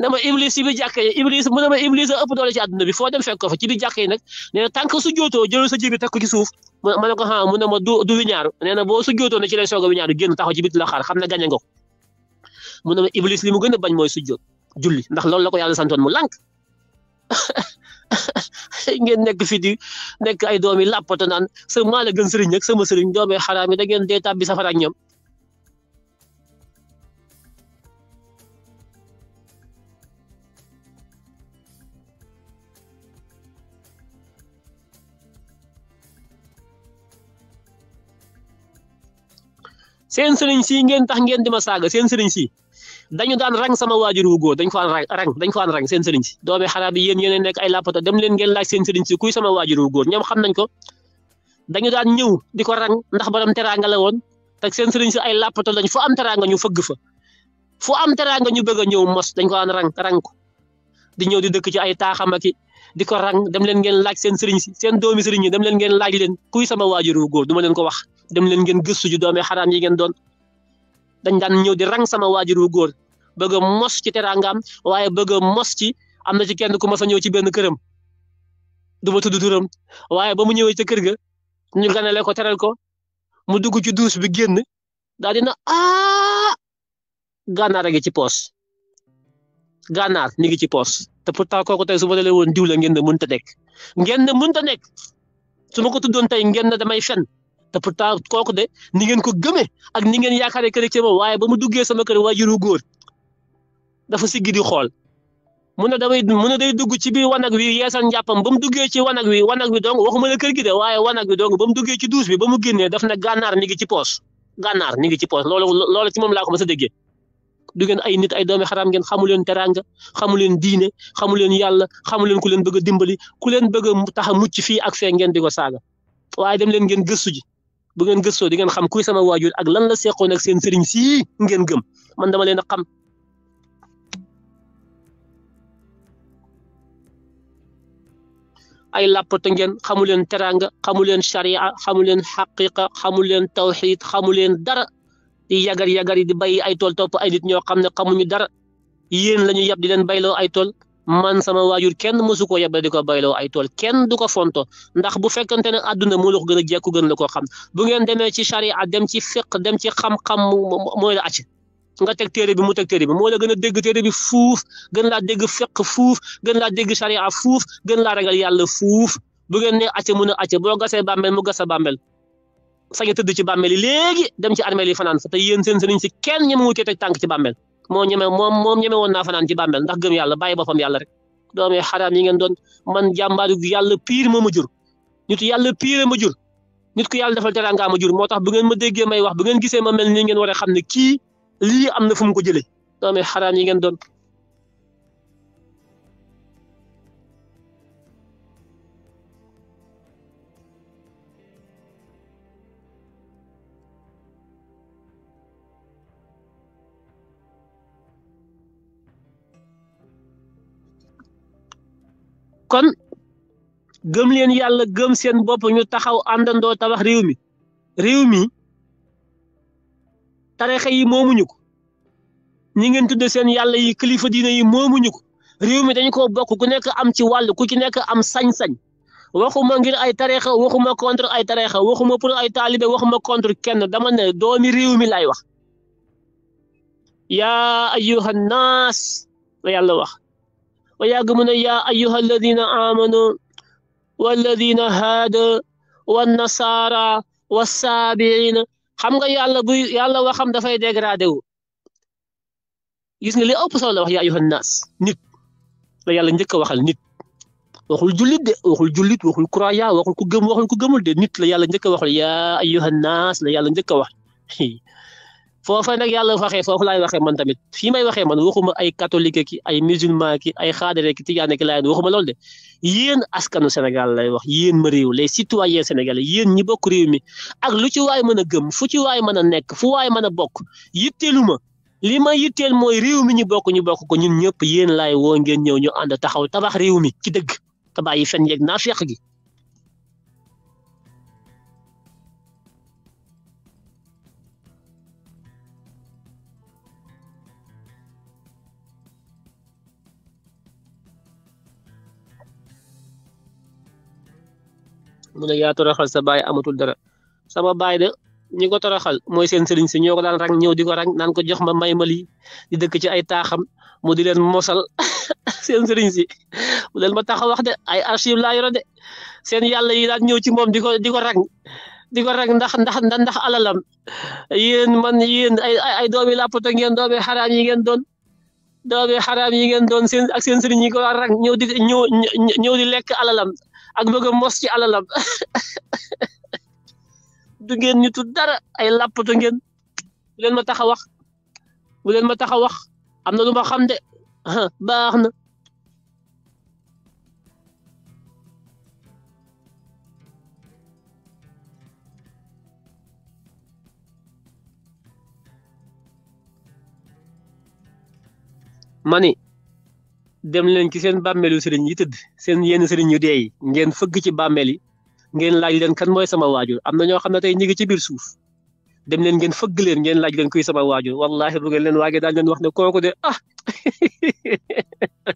dama iblis yi bi jàkkee iblis mu ne ma iblis a ëpp doole ci àdduna bi foo dem fekk ko fa ci bi jàkkee nag nee na tànk su jootoo jëlal sa jëbi teg ko ci suuf ma ne ko ah du du wiñaaru nee na boo su ne ci lay soog a wiñaaru génn taxaw ci biti la xaar xam ne gañe nga ko mu ma iblis li mu gën a bañ mooy su jóot julli ndax loolu la ko yàlla santoon mu lank ngeen nekk fii di nekk ay doom yi làppata naan sama maa la gën sëriñ nag sama sëriñ doomee xaraam yi da ngeen dee tàbbi safara ak ñoom seen sëriñ si ngeen tax ngeen di ma saaga seen sëriñ si dañu daan rang sama waajur wu góor dañ ko an rang dañ ko an rang seen sëriñ si doomi xaraam yi yéen yéen nekk ay lappata dem leen ngeen laaj si kuy sama waajur wu góor ñoom xam nañ ko dañu daan ñëw di ko rang ndax borom teraanga la woon teg seen sëriñ si ay lappata lañ fu am ñu fëgg fa fu am teraanga ñu bëgg ñëw mos dañ ko an rang rang ko di ñëw di dëkk ci ay taaxamaki di ko rang dem leen ngeen laaj seen sëriñ si seen doomi sëriñ yi dem leen ngeen laaj leen kuy sama waajur wu góor du leen ko wax dem leen ngeen gëstu ji doomee xaraam yi ngeen doon dañ daan ñëw di rang sama waajur wu góor bëgg mos ci teraangaam waaye bëgg mos ci am na ci kenn ku mas a ñëw ci benn këram du ma tudd turam waaye ba mu ñëwee ca kër ga ñu ganale ko teral ko mu dugg ci duus bi génn daal dina ah gànnaar a ngi ci poos gànnaar ni ngi ci poos te pourtant kooku tey su ma dalee woon diw la ngeen ne mënta nekk ngeen ne mënta nekk su ma ko tuddoon tey ngeen ne damay fen te pourtant kooku de ni ngeen ko gëmee ak ni ngeen yaakaaree chrétien moom waaye ba mu duggee sama kër waajuru góor dafa siggi di xool mu ne damay mu ne day dugg ci biir wanag wi yeesal njàppam ba mu duggee ci wanag wi wanag wi donc waxuma la kër gi de waaye wanag wi donc ba mu duggee ci douche bi ba mu génnee daf ne gànnaar mi ngi ci poos gànnaar mi ngi ci poos loolu loolu ci moom laa ko mës a déggee du ngeen ay nit ay doomi xaraam ngeen xamu leen teraanga xamu leen diine xamu leen yàlla xamu leen ku leen bëgg a dimbali ku leen bëgg a tax a mucc fii ak fee ngeen di ko saaga waaye dem leen ngeen gëstu ji bu ngeen gëstoo di ngeen xam kuy sama waajur ak lan la seqoon ak seen sëriñ sii ngeen gëm man dama leen a xam. ay làppatu ngeen xamu leen teraanga xamu leen sharia xamu leen xaqiqa xamu leen tawxiid xamu leen dara di yagar yagar yi di bay ay tool topp ay nit ñoo xam ne xamuñu dara yéen la ñu yab di leen bayloo ay tool. man sama waajur kenn mësu ko yebbe di ko bayloo ay tool kenn du ko fonto ndax bu fekkante ne àdduna moo la ko gën a jekku gën la ko xam bu ngeen demee ci charia dem ci fiq dem ci xam-xam mooy la acc nga teg téere bi mu teg téere bi moo la gën a dégg téere bi fuuf gën laa dégg fiq fuuf gën laa dégg charia fuuf gën laa ragal yàlla fuuf bu ngeen ne acc mun a acc boo gasee bàmmeel mu gasa bàmmeel sañ a tëdd ci bàmmeel yi léegi dem ci armeel yi fanaan fa te yéen seen sëriñ si kenn ñemewutee teg tànk ci bàmmeel moo ñeme moom moom ñeme woon naa fanaan ci bàmmeel ndax gëm yàlla bàyyi boppam yàlla rek doomi xaraam yi ngeen doon man jàmbaaru yàlla piir ma ma jur nit yàlla piire ma jur nit ku yàlla defal teraanga ma jur moo tax bu ngeen ma déggee may wax bu ngeen gisee ma mel nii ngeen war a xam ne kii lii am na fu mu ko jëlee doomi xaraam yi ngeen doon kon gëm leen yàlla gëm seen bopp ñu taxaw àndandoo tabax réew mi réew mi tarixa yi moomuñu ko ñi ngeen tudde seen yàlla yi kilifa diine yi moomuñu ko réew mi dañu ko bokk ku nekk am ci wàll ku ci nekk am sañ-sañ waxuma ngir ay tarixa waxuma kontre ay tarixa waxuma pour ay taalibe waxuma kontre kenn dama ne doomi réew mi laay wax yaa ayyuhan naas la yàlla wax ويقمن يا أيها الذين آمنوا والذين هادوا والنصارى والسابعين خم يا الله بي يا الله وخم دفع دعراده يسني لي أوب صلى الله يا أيها الناس نيت لا يا الله نجك وخل نيت وخل جلد وخل جلد وخل كرايا وخل كجم وخل كجمل ده نيت لا يا الله نجك وخل يا أيها الناس لا يا الله نجك وخل foofa nag yàlla waxee foofu laay waxee man tamit fii may waxee man waxuma ay catholique ki ay musulman ki ay xaadare ki tijaane ki laayeen waxuma loolu de yen askanu Sénégal lay wax yéen ma réew les citoyens sénégalais yéen ñi bokk réew mi ak lu ci waay mën a gëm fu ci waay mën a nekk fu waay mën a bokk yitteelu ma li ma yitteel mooy réew mi ñu bokk ñu bokk ko ñun ñëpp yéen laay woo ngeen ñëw ñu ànd taxaw tabax réew mi ci dëgg te bàyyi yeg yeeg naafeq gi mu ne yaa toroxal sa baay amatul dara sama baay de ñi ko toroxal mooy seen sëriñ si ñoo ko daan rang ñëw di ko rang naan ko jox ma may ma lii di dëkk ci ay taaxam mu di leen mosal seen sëriñ si mu ma tax a wax de ay archive laa yoro de seen yàlla yi daan ñëw ci moom di ko di ko rang di ko rek ndax ndax ndax alalam yéen man yéen ay ay doomi làppato ngeen doomi xaraam yi ngeen doon doomi xaraam yi ngeen doon seen ak seen sëriñ yi ko war rek ñëw di ñëw ñëw di lekk alalam ak bëgg mos ci alalam du ngeen ñu tudd dara ay làppatu ngeen bu leen ma tax a wax bu leen ma tax a wax am na lu ma xam de baax na mani dem leen ci seen bàmmeelu sëriñ yi tëdd seen yenn sëriñ yu dee ngeen fëgg ci bàmmeel yi ngeen laaj leen kan mooy sama waajur am na ñoo xam ne tey ñu ngi ci biir suuf dem leen ngeen fëgg leen ngeen laaj leen kuy sama waajur wallahi bu ngeen leen waagee daal leen wax ne kooku de ah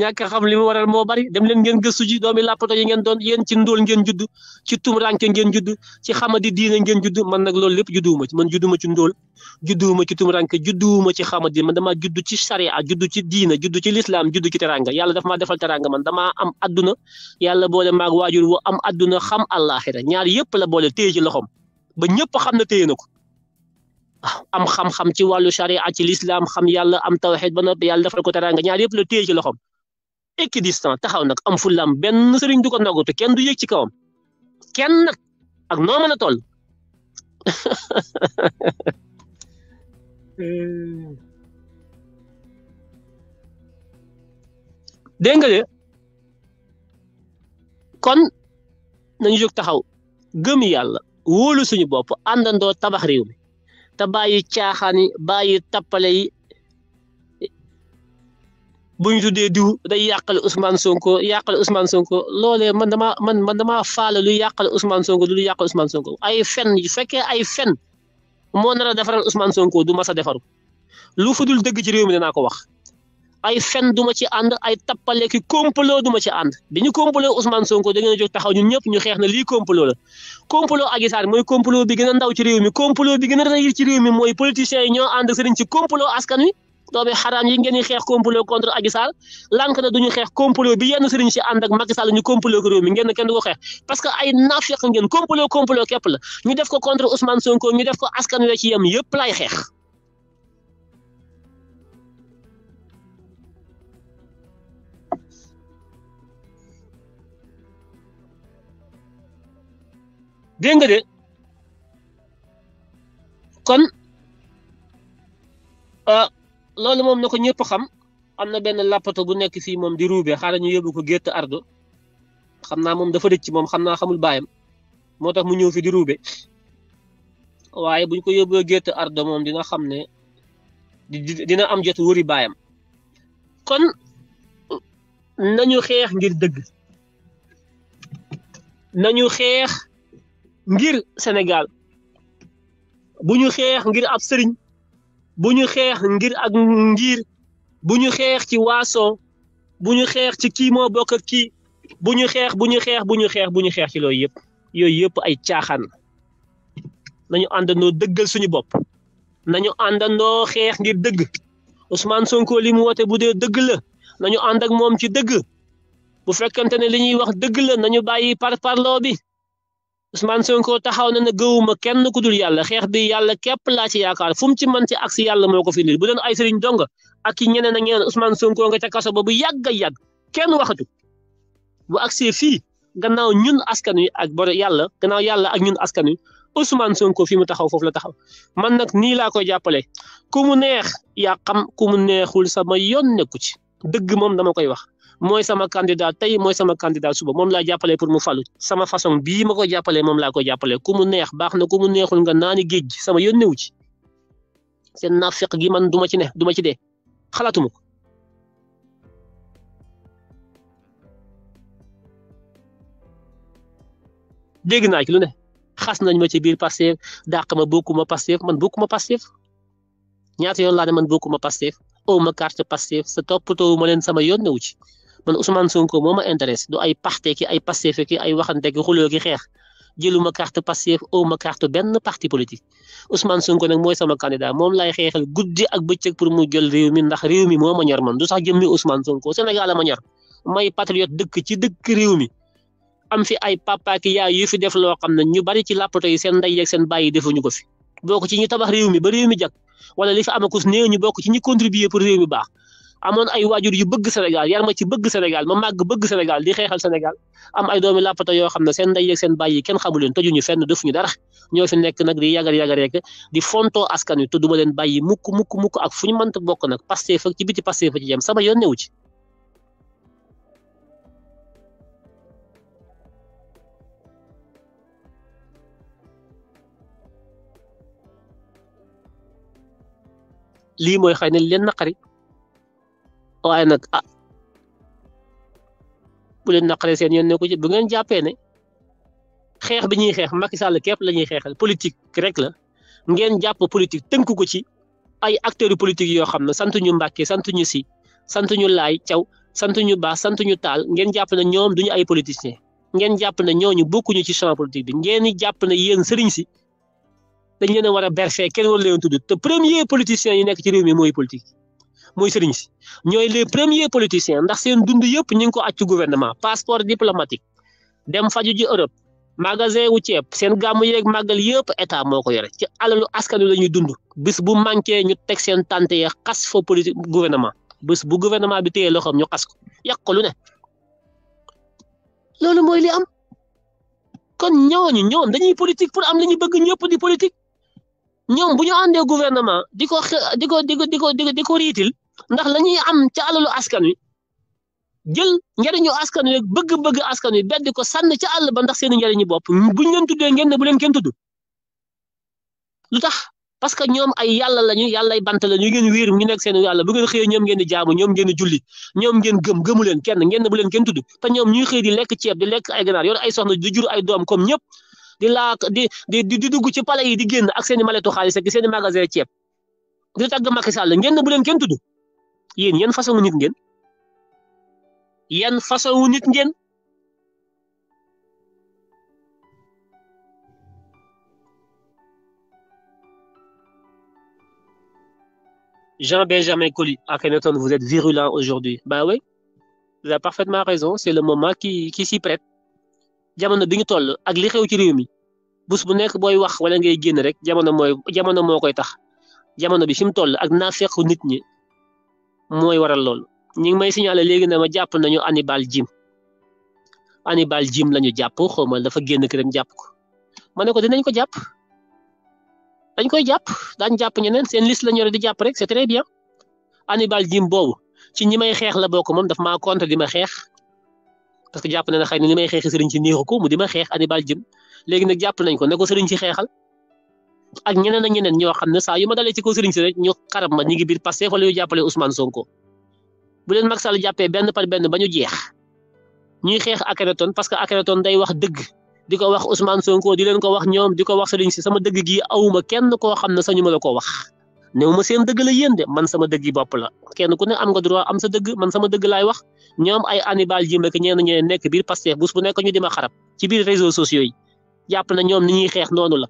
ñàkk xam li mu waral moo bari dem leen ngeen gëstu ji doomi làppato yi ngeen doon yéen ci ndóol ngeen judd ci tumranke ngeen judd ci xama xamadi diine ngeen judd man nag loolu lépp judduwuma ci man judduma ci ndóol judduwuma ci tumranke judduwuma ci xamadi man dama judd ci charia judd ci diina judd ci lislaam judd ci teranga yàlla daf ma defal teranga man dama am adduna yàlla boole maag waajur woo am adduna xam àllaaxira ñaar yëpp la boole téye ci loxom ba ñëpp xam na téye na ko am xam-xam ci wàllu charia ci lislaam xam yàlla am tawxid ba noppi yàlla defal ko teraanga ñaar yëpp la téye ci loxoom équidistant taxaw nag am fulam benn sëriñ du ko ndogu te kenn du yëg ci kawam kenn nag ak noo mën a toll eh. dégg nga de kon nañu jóg taxaw gëm yàlla wóolu suñu bopp àndandoo tabax réew mi te bàyyi caaxaan yi bàyyi tappale yi bu ñu tuddee diw day yàqale Ousmane Sonko yàqale usmaan Sonko loole man damaa man man damaa faale luy yàqale usmaan Sonko du lu yàqale Ousmane Sonko ay fen yu fekkee ay fen moo nar a defaral Sonko du mas a defaru lu fudul dëgg ci réew mi danaa ko wax. ay fen du ma ci ànd ay tappale ki complot du ma ci ànd bi ñu complot Ousmane Sonko da a jóg taxaw ñu ñëpp ñu xeex na li complot la complot Adji Sarr mooy complot bi a ndaw ci réew mi complot bi gën a rëy ci réew mi mooy politiciens yi ñoo ànd ak sëriñ ci complot askan wi doomi xaraam yi ngeen di xeex complot contre Adji Sarr ñu ne kenn du ko képp la ñu def ko contre Ousmane Sonko ñu def ko askan wi ci yem yëpp lay xeex dégg nga de kon ah, loolu moom na ko ñépp xam am na benn làppato bu nekk fii moom di ruube xaaral ñu yóbbu ko gétt ardo xam naa moom dafa dëcc moom xam naa xamul baayam moo tax mu ñëw fi di ruube waaye buñ ko yóbboo gétt ardo moom dina xam ne dina am jot wëri baayam kon nañu xeex ngir dëgg nañu xeex ngir Senegal buñu ñu xeex ngir ab sëriñ buñu xeex ngir ak ngir buñu ñu xeex ci waso buñu ñu xeex ci ki mo bok ak ki buñu ñu xeex bu ñu xeex buñu ñu xeex bu xeex ci loy yep yoy yep ay tiaxan nañu andano deugal suñu bop nañu andano xeex ngir deug Ousmane Sonko li wote woote bu dee la nañu and ak mom ci deug bu fekkante ne liñuy wax deug la nañu par parlo bi Ousmane Sonko taxaw na ne gëwuma kenn ku dul yàlla xeex bi yàlla képp laa ci yaakaar fu mu ci mën ci ak si yàlla moo ko fi indil bu doon ay sëriñ dong ak ki ñeneen ak ñeneen Ousmane Sonko nga ca kaso ba bu yàgg a yàgg kenn waxatu bu agsee fii gannaaw ñun askan wi ak bor yàlla gannaaw yàlla ak ñun askan wi Ousmane Sonko fi mu taxaw foofu la taxaw man nag nii laa koy jàppale ku mu neex yaa xam ku mu neexul sama yoon nekku ci dëgg moom dama koy wax. mooy sama candidat tey mooy sama candidat suba moom laa jàppale pour mu falu sama façon bii ma ko jàppalee moom laa ko jàppale ku mu neex baax na ku mu neexul nga naani gej sama yónne wu ci seen naafeq gi man duma ci ne duma ci dee xalaatuma ko dégg naa ci lu ne xas nañ ma ci biir Pastef dàq ma bokkuma Pastef man bokkuma Pastef ñaata yoon laa ne man bokkuma Pastef aw ma carte Pastef sa toppatoo ma leen sama yoon newu ci man Ousmane Sonko moma ma intéresse du ay paxte ki ay passif ki ay waxante ki xulo gi xex jëluma carte passif aw ma carte ben parti politique Ousmane Sonko nak moy sama candidat mom lay xexal guddi ak bëccëg pour mu jël réew mi ndax réew mi moma ñor man du sax jëmmi Ousmane Sonko Sénégal ma ñor may patriote dëkk ci dëkk réew mi am fi ay papa ki ya yu fi def lo xamna ñu bari ci làppato yi sen nday yeeg sen bayyi defu ñuko fi ci ñu tabax réew mi ba réew mi jak wala li fi amakus neew ñu bokk ci ñi contribuer pour réew mi baax amoon ay waajur yu bëgg Sénégal yar ma ci bëgg Sénégal ma màgg bëgg Sénégal di xeexal Sénégal am ay doomi làppata yoo xam ne seen ndey yeeg seen bàyyi kenn xamu leen tojuñu da defuñu dara ñoo fi nekk nag di yagar yagar rek di fontoo askan wi te duma leen bàyyi mukk mukk mukk ak fu ñu mënta bokk nag Pastef ak ci biti Pastef ci jëm sama yoon newu ci. lii mooy xëy na leen naqari. waaye nag ah bu leen naqaree seen yoon ne ko ci bu ngeen jàppee ne xeex bi ñuy xeex Macky Sall képp la ñuy xeexal politique rek la ngeen jàpp politique tënk ko ci ay acteurs politique yoo xam ne sant ñu Mbàkke sant ñu si sant ñu laay caw sant ñu baax sant ñu taal ngeen jàpp ne ñoom duñu ay politiciens ngeen jàpp ne ñooñu bokkuñu ci champ politique bi ngeen jàpp ne yéen sëriñ si dañ leen a war a berse kenn war leen tudd te premier politicien yi nekk ci réew mi mooy politique. mooy sëriñ si ñooy les premiers politiciens ndax seen dund yëpp ñu ngi ko accu gouvernement passeport diplomatique dem faju ji Europe magasin wu ceeb seen gàmmu yeeg màggal yëpp état moo ko yore ci alalu askan wi la dund bis bu manqué ñu teg seen tante ya xas fa politique gouvernement bis bu gouvernement bi téye loxoom ñu xas ko yàq ko lu ne mooy li am kon ñooñu ñoom dañuy politique pour am li ñu bëgg ñëpp di politique ñoom bu ñu àndee gouvernement di ko di ko di ko di di ko riitil ndax la ñuy am ca alalu askan wi jël njëriñu askan wi bëgg-bëgg askan wi beddi ko sànn ca àll ba ndax seeni njëriñu bopp buñ leen tuddee ngeen ne bu leen kenn tudd lu tax parce que ñoom ay yàlla lañu yàlla ay bant lañu ngeen wéer ñu nekk seen yàlla bu ngeen xëyee ñoom ngeen di jaamu ñoom ngeen di julli ñoom ngeen gëm gëmu leen kenn ngeen ne bu leen kenn tudd te ñoom ñuy xëy lekk ceeb di lekk ay ganaar yor ay soxna di jur ay doom comme ñëpp di laa di di di dugg ci pale yi di génn ak seen i maletu xaalis ak seen i magasin ceeb di tàgg Macky Sall ngeen bu leen kenn yéen yan façon nit ngeen yan façon nit ngeen Jean-Benjamin Colli, à vous êtes virulent aujourd'hui. Ben oui, vous avez parfaitement raison. C'est le moment qui, qui s'y prête. jamono bi ñu toll ak li xew ci réew mi bus bu nekk booy wax wala ngay génn rek jamono mooy jamono moo koy tax jamono bi fi toll ak nit ñi mooy waral loolu ñi ngi may signaler léegi ne ma jàpp nañu Hannibal Jim Hannibal Jim lañu jàpp xaw ma dafa génn këram jàpp ko ma ne ko dinañ ko jàpp dañ koy jàpp daañ jàpp ñeneen seen liste lañ yore di jàpp rek c'est très bien Hannibal Jim boobu ci ñi may xeex la bokk moom daf maa contre di ma xeex parce que jàpp na ne xëy na ni may xeexi sëriñ si néexu ko mu di ma xeex Hannibal Jim léegi nag jàpp nañ ko ne ko sëriñ si xeexal ak ñeneen ak ñeneen ñoo xam ne saa yu ma dalee ci kaw sëriñ si rek ñu xaram ma ñu ngi biir passé wala yu jàppale Ousmane Sonko bu leen Macky Sall jàppee benn par benn ba ñu jeex ñuy xeex Akhenaton parce que Akhenaton day wax dëgg di wax Ousmane Sonko di leen ko wax ñoom di wax sëriñ si sama dëgg gi awuma kenn koo xam ne sañu ma la ko wax néew ma seen dëgg la yéen de man sama dëgg yi bopp la kenn ku ne am nga droit am sa dëgg man sama dëgg laay wax ñoom ay anibal Djim ke ñenn ñeneen nekk biir Pastef bus bu nekk ñu di ma xarab ci biir réseaux sociaux yi jàpp na ñoom ni ñuy xeex noonu la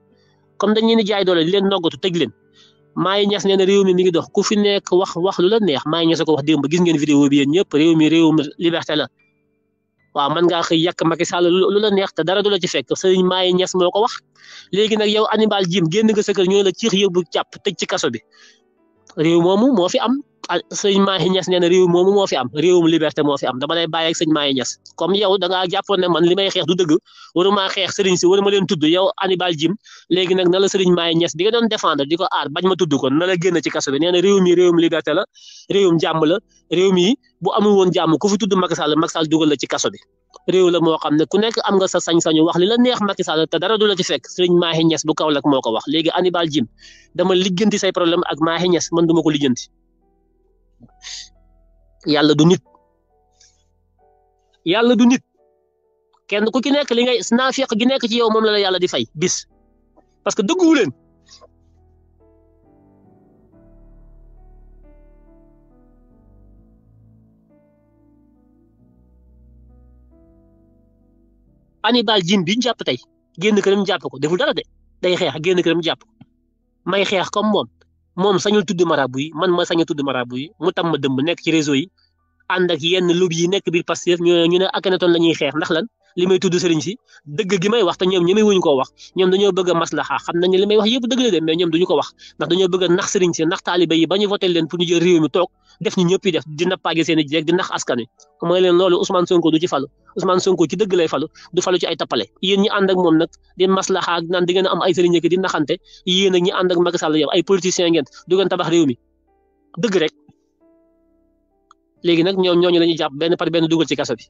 comme dañ leen di jaay doole di leen noggatu tëj leen Maye Niass nee na réew mi mi ngi dox ku fi nekk wax lu la neex Maye Niass ko wax démb gis ngeen vidéo bi yéen ñëpp réew mi réewum liberté la waaw mën ngaa xëy yàq Macky Sall lu la neex te dara du la ci fekk sëriñ Maye Niass moo ko wax léegi nag yow animal jim génn nga sa kër ñoo la ciix yóbbu càpp tëj ci kaso bi réew moomu moo fi am sëñ Mahi Niass nee na réew moomu moo fi am réewum liberté moo fi am dama lay bàyyi ak sëñ Mahi Niass comme yow da ngaa jàppoon ne man li may xeex du dëgg waruma xeex sëriñ si waruma leen tudd yow Hannibal Djim léegi nag na la sëriñ Mahi Niass bi nga doon défendre di ko aar bañ ma tudd ko na la génn ci kaso bi nee na réew mi réewum liberté la réewum jàmm la réew mi bu amul woon jàmm ku fi tudd Macky Sall Macky Sall dugal la ci kaso bi réew la moo xam ne ku nekk am nga sa sañ-sañu wax li la neex Macky Sall te dara la ci fekk sëriñ Mahi Niass bu Kaolack moo ko wax léegi Hannibal Djim dama lijjanti say problème ak Mahi Niass man duma ko lijjanti yàlla du nit yàlla du nit kenn ku ci nekk li ngay naafiq gi nekk ci yow moom la yàlla di fay bis parce que dëgguwu leen Hannibal Jim bi ñu jàpp tey ko deful dara de day xeex génn këram may xeex comme moom moom sañul tudd marabu yi man ma sañul tudd marabu yi mu tam ma dëmb nekk ci réseau yi ànd ak yenn lobby yi nekk biir Pastef ñu ne Akhenaton la xeex ndax lan limay tuddu serigne ci deug gi may wax te ñom ñeme wuñ ko wax ñom dañoo bëgg maslaha xam nañ limay wax yëpp deug la dem mais ñom duñu ko wax ndax dañoo bëgg nax serigne ci nax talibé yi bañu voter leen pour ñu jël réew mi tok def ñi ñëpp yi def di nappaage seen i di nax askan wi mooy leen loolu Ousmane Sonko du ci falu Ousmane Sonko ci deug lay falu du falu ci ay tapalé yeen ñi and ak mom nak di maslaha ak nan di ngeen am ay serigne ak di naxanté yeen ak ñi and ak Macky Sall yow ay politiciens ngeen du ngeen tabax réew mi deug rek légui nak ñoom ñooñu lañu japp benn par benn duggal ci kassa bi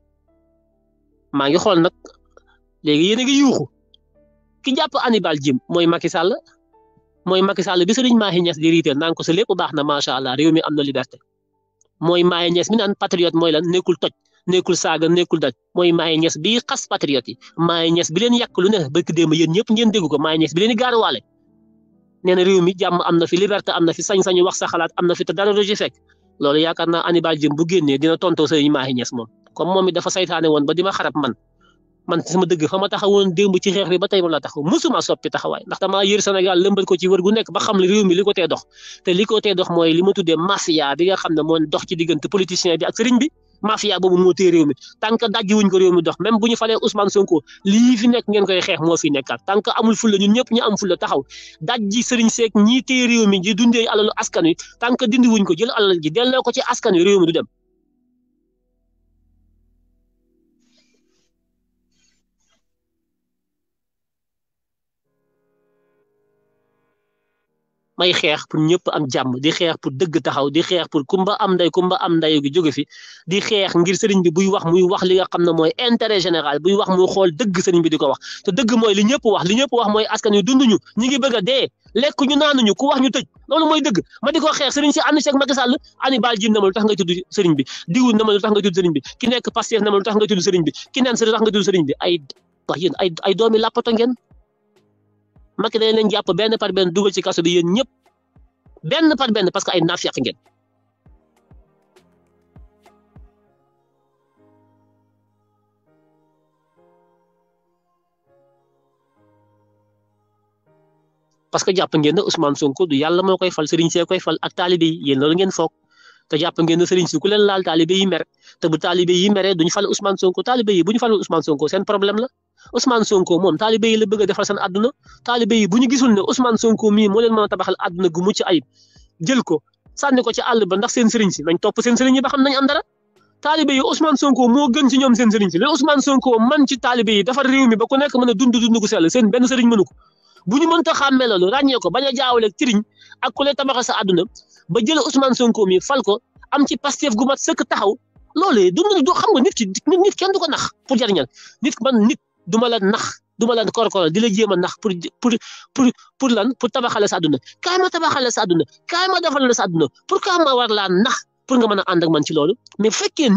maa ngi xool nag léegi yéen a ngi yuuxu ki jàpp Hannibal Djim mooy Macky Sall mooy bi Serigne Mahi Niass di riiteel naan ko sa lépp baax na macha allah réew mi am na liberté mooy Mahi Niass mi naan patriote mooy lan nekul toj nekkul saaga nekkul daj mooy Mahi Niass bi xas patriote yi Mahi Niass bi leen yàq lu ne bëgg démb yéen ñëpp ngeen dégg ko Mahi Niass bi leen di gaaruwaale nee na jàmm am na fi liberté am na fi sañ-sañu wax sa xalaat am na fi te dara lool ci fekk loolu yaakaar naa Hannibal Djim bu génnee dina tontoo Serigne Mahi Niass moom. comme moom it dafa saytaane woon ba di ma xarab man man sama dëgg fa ma taxawoon démb ci xeex bi ba tey moom laa taxaw mësuma soppi taxawaay ndax damaa yër Sénégal lëmbal ko ci wër gu nekk ba xam ne réew mi dox te li ko dox mooy li ma tuddee bi nga xam ne moo dox ci diggante politicien bi ak sëriñ bi mafia boobu moo téye réew mi tant wuñ ko réew dox même bu falee Ousmane Sonko lii fi nekk ngeen koy xeex moo fi nekkaat tant amul fulla ñun ñëpp may xeex pour ñëpp am jàmm di xeex pour dëgg taxaw di xeex pour kumba am nday kumba am nday gi fi di xeex ngir sëriñ bi buy wax muy wax li xam ne mooy intérêt général buy wax muy xool dëgg sëriñ bi di ko wax te dëgg mooy li ñëpp wax li ñëpp wax mooy askan wi dunduñu ñi ngi bëgg a dee lekk ñu ku wax ñu tëj loolu mooy dëgg ma di ko xeex sëriñ si ànd si ak ani baal jim na ma lu tax nga tudd sëriñ bi diwun na na ma lu tax nga tudd sëriñ bi ki Macky dañ leen japp benn par benn dugal ci kasso bi yeen ñëpp benn par benn parce que ay nafiq ngeen parce que japp ngeen ne Ousmane Sonko du yalla mo koy fal Serigne see koy fal ak talibi yeen yéen loolu ngeen fokk te japp ngeen Serigne si ku leen laal yi mer te bu taalibe yi meree duñ fal Ousmane Sonko yi bu fal Ousmane Sonko seen problème la. Ousmane Sonko moom taalibe yi la bëgg a defal seen àdduna taalibe yi bu ñu gisul ne Ousmane Sonko mii moo ayib jël ko ci àll ba ndax seen sëriñ si nañ topp seen sëriñ yi ba xam nañ am dara taalibe yi Ousmane Sonko moo gën ci ñoom seen sëriñ si léegi Ousmane Sonko man ci taalibe yi defar réew mi ba ku nekk a dund dund gu sell seen benn sëriñ mënu ko bu ñu mënta xàmmee loolu ràññee ko a jaawaleeg sëriñ ak ku lay tabaxal sa àdduna ba jël Ousmane Sonko mi fal ko am ci Pastef gu mat sëkk taxaw loolu du du xam nga nit ki nit kenn ko nax pour jariñal duma ma la nax du ma la korkoro di la jéem a pour pour pour pour lan pour tabaxale sa àdduna ma tabaxale sa àdduna kaay ma defal la sa àdduna pourquoi ma war laa pour nga mën a ànd ak man ci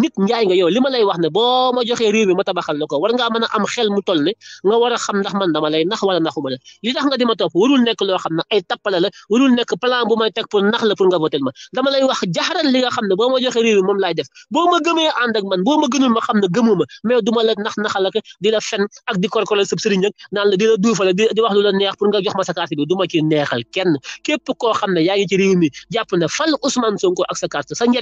nit njaay nga yow lay wax ne boo ma joxee ma tabaxal la ko war ngaa mën a am xel mu toll ne nga war a xam ndax man dama lay nax wala naxuma la li tax nga di ma topp warul nekk xam ne ay tappale la warul plan bu teg pour nax la pour nga votel ma dama lay wax jaxaral li xam ne boo ma joxee réew mi def boo ma gëmee ànd ak ma xam ne gëmu ma mais la nax naxal ak di la fen ak di korkoral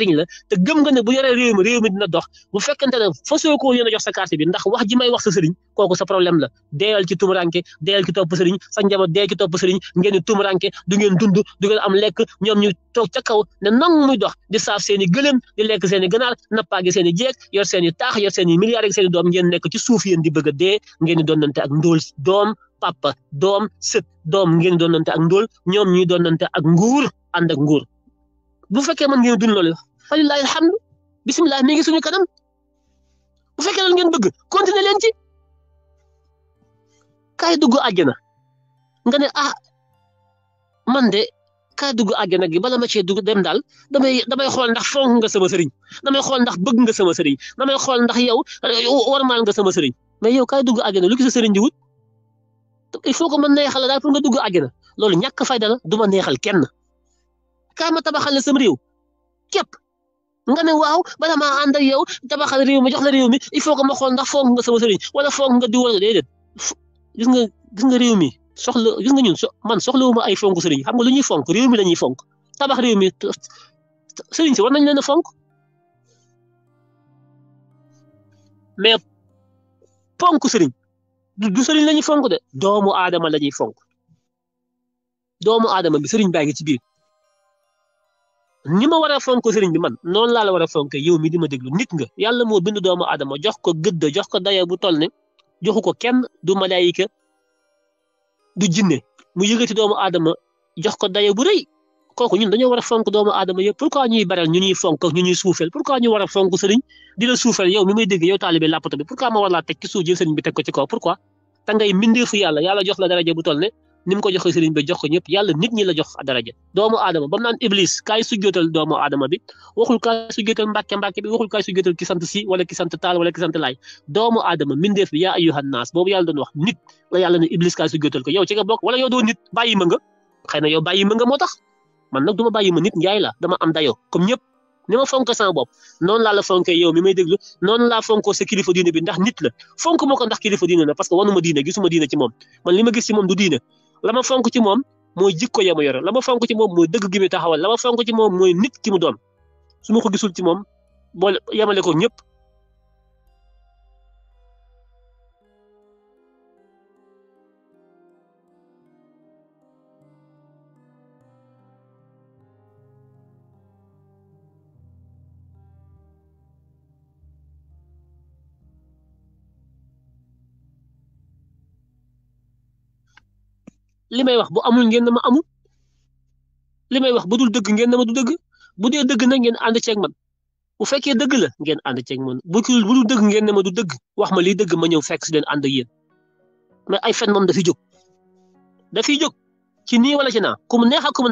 njariñ la te gëm nga ne bu yoree réew mi réew mi dina dox bu fekkente ne fasoo ko yéen a jox sa carte bi ndax wax ji may wax sa sëriñ kooku sa problème la deeyal ci tumuranke deeyal ci topp sëriñ sa njaboot dee ci topp sëriñ ngeen di tumuranke du ngeen dund du ngeen am lekk ñoom ñu toog ca kaw ne nang muy dox di saaf seeni gëlem di lekk seeni i ganaar nappaagi seen jeeg yor seeni taax yor seeni milliards ak seeni doom ngeen nekk ci suuf yéen di bëgg a dee ngeen di ak ndóol doom papa doom sët doom ngeen donnante ak ndóol ñoom ñuy donnante ak nguur ànd ak nguur bu fekkee man ngeen dund loolu falilahi alhamdu bisimilah mi ngi suñu kanam bu fekkee loolu ngeen bëgg continuer leen ci kaay dugg àjjana nga ne ah man de kaay dugg àjjana gi bala ma cee dugg dem daal damay damay xool ndax fonk nga sama sëriñ damay xool ndax bëgg nga sama sëriñ damay xool ndax yow warmaal nga sama sëriñ mais yow kaay dugg àjjana lu ki sa sëriñ di il faut que ma neexal daal pour nga dugg àjjana loolu ñàkk fayda la du ma neexal kenn kaay ma tabaxal la sam réew képp nga ne waaw bala maa ànd ak yow tabaxal réew mi jox la réew mi il faut que ma xool ndax nga sama sëriñ wala foog nga diw wala déedéet gis nga gis nga réew mi soxla gis man soxlawuma ay fonk sëriñ xam nga lu ñuy fonk réew mi lañuy fonk tabax réew mi si war nañ leen fonk mais fonk sëriñ du sëriñ la fonk de doomu aadama la ñuy fonk doomu aadama bi sëriñ baa ngi ci biir. ni ma war a fonk sëriñ bi man noon laa la war a fonk yow mi di ma déglu nit nga yàlla moo bind doomu aadama jox ko gëdd jox ko daya bu tol ne joxu ko kenn du malaayika du jinne mu yëgati doomu aadama jox ko daya bu rëy kooku ñun dañoo war a fonk doomu aadama yëpp pourquoi ñuy baral ñu ñuy fonk ñu ñuy suufeel pourquoi ñu war a fonk sëriñ di la suufeel yow mi may dégg yow taalibe làppato bi pourquoi ma war laa teg ci suuf jël sëriñ bi teg ko ci kaw pourquoi yàlla yàlla jox la daraja bu toll ne ni ko joxe sëriñ nit ñi la jox daraja doomu aadama ba naan iblis kaay sujjootal doomu aadama bi waxul kaay sujjootal ki sant si wala ki sant taal wala ki sant laay doomu aadama mindeef bi yaa ayyuhan naas boobu yàlla doon wax nit la yàlla ne iblis kaay sujjootal ko yow ci bokk wala yow doo nit bàyyi ma nga na yow bàyyi ma moo tax man nag du ma bàyyi nit njaay la dama am dayoo comme ñëpp ni ma sama bopp noonu laa la yow mi may déglu noonu laa fonkoo sa lama ma fonk ci moom mooy jikko ya mu yore la ma fonk ci moom mooy dëgg gi mu taxawal la ma fonk ci moom mooy nit ki mu doon su ma ko gisul ci moom boole yemale ko ñëpp limay wax bu amul ngeen dama amul limay wax budul deug ngeen dama du deug bu dee dëgg na ngeen ci ak man bu fekkee deug la ngeen ci ak man bu ci budul deug ngeen dama du deug wax ma li deug ma ñew fekk ci den and ak mais ay fen fi jog da fi jog ci ni wala ci na ku mu neex ak ku mu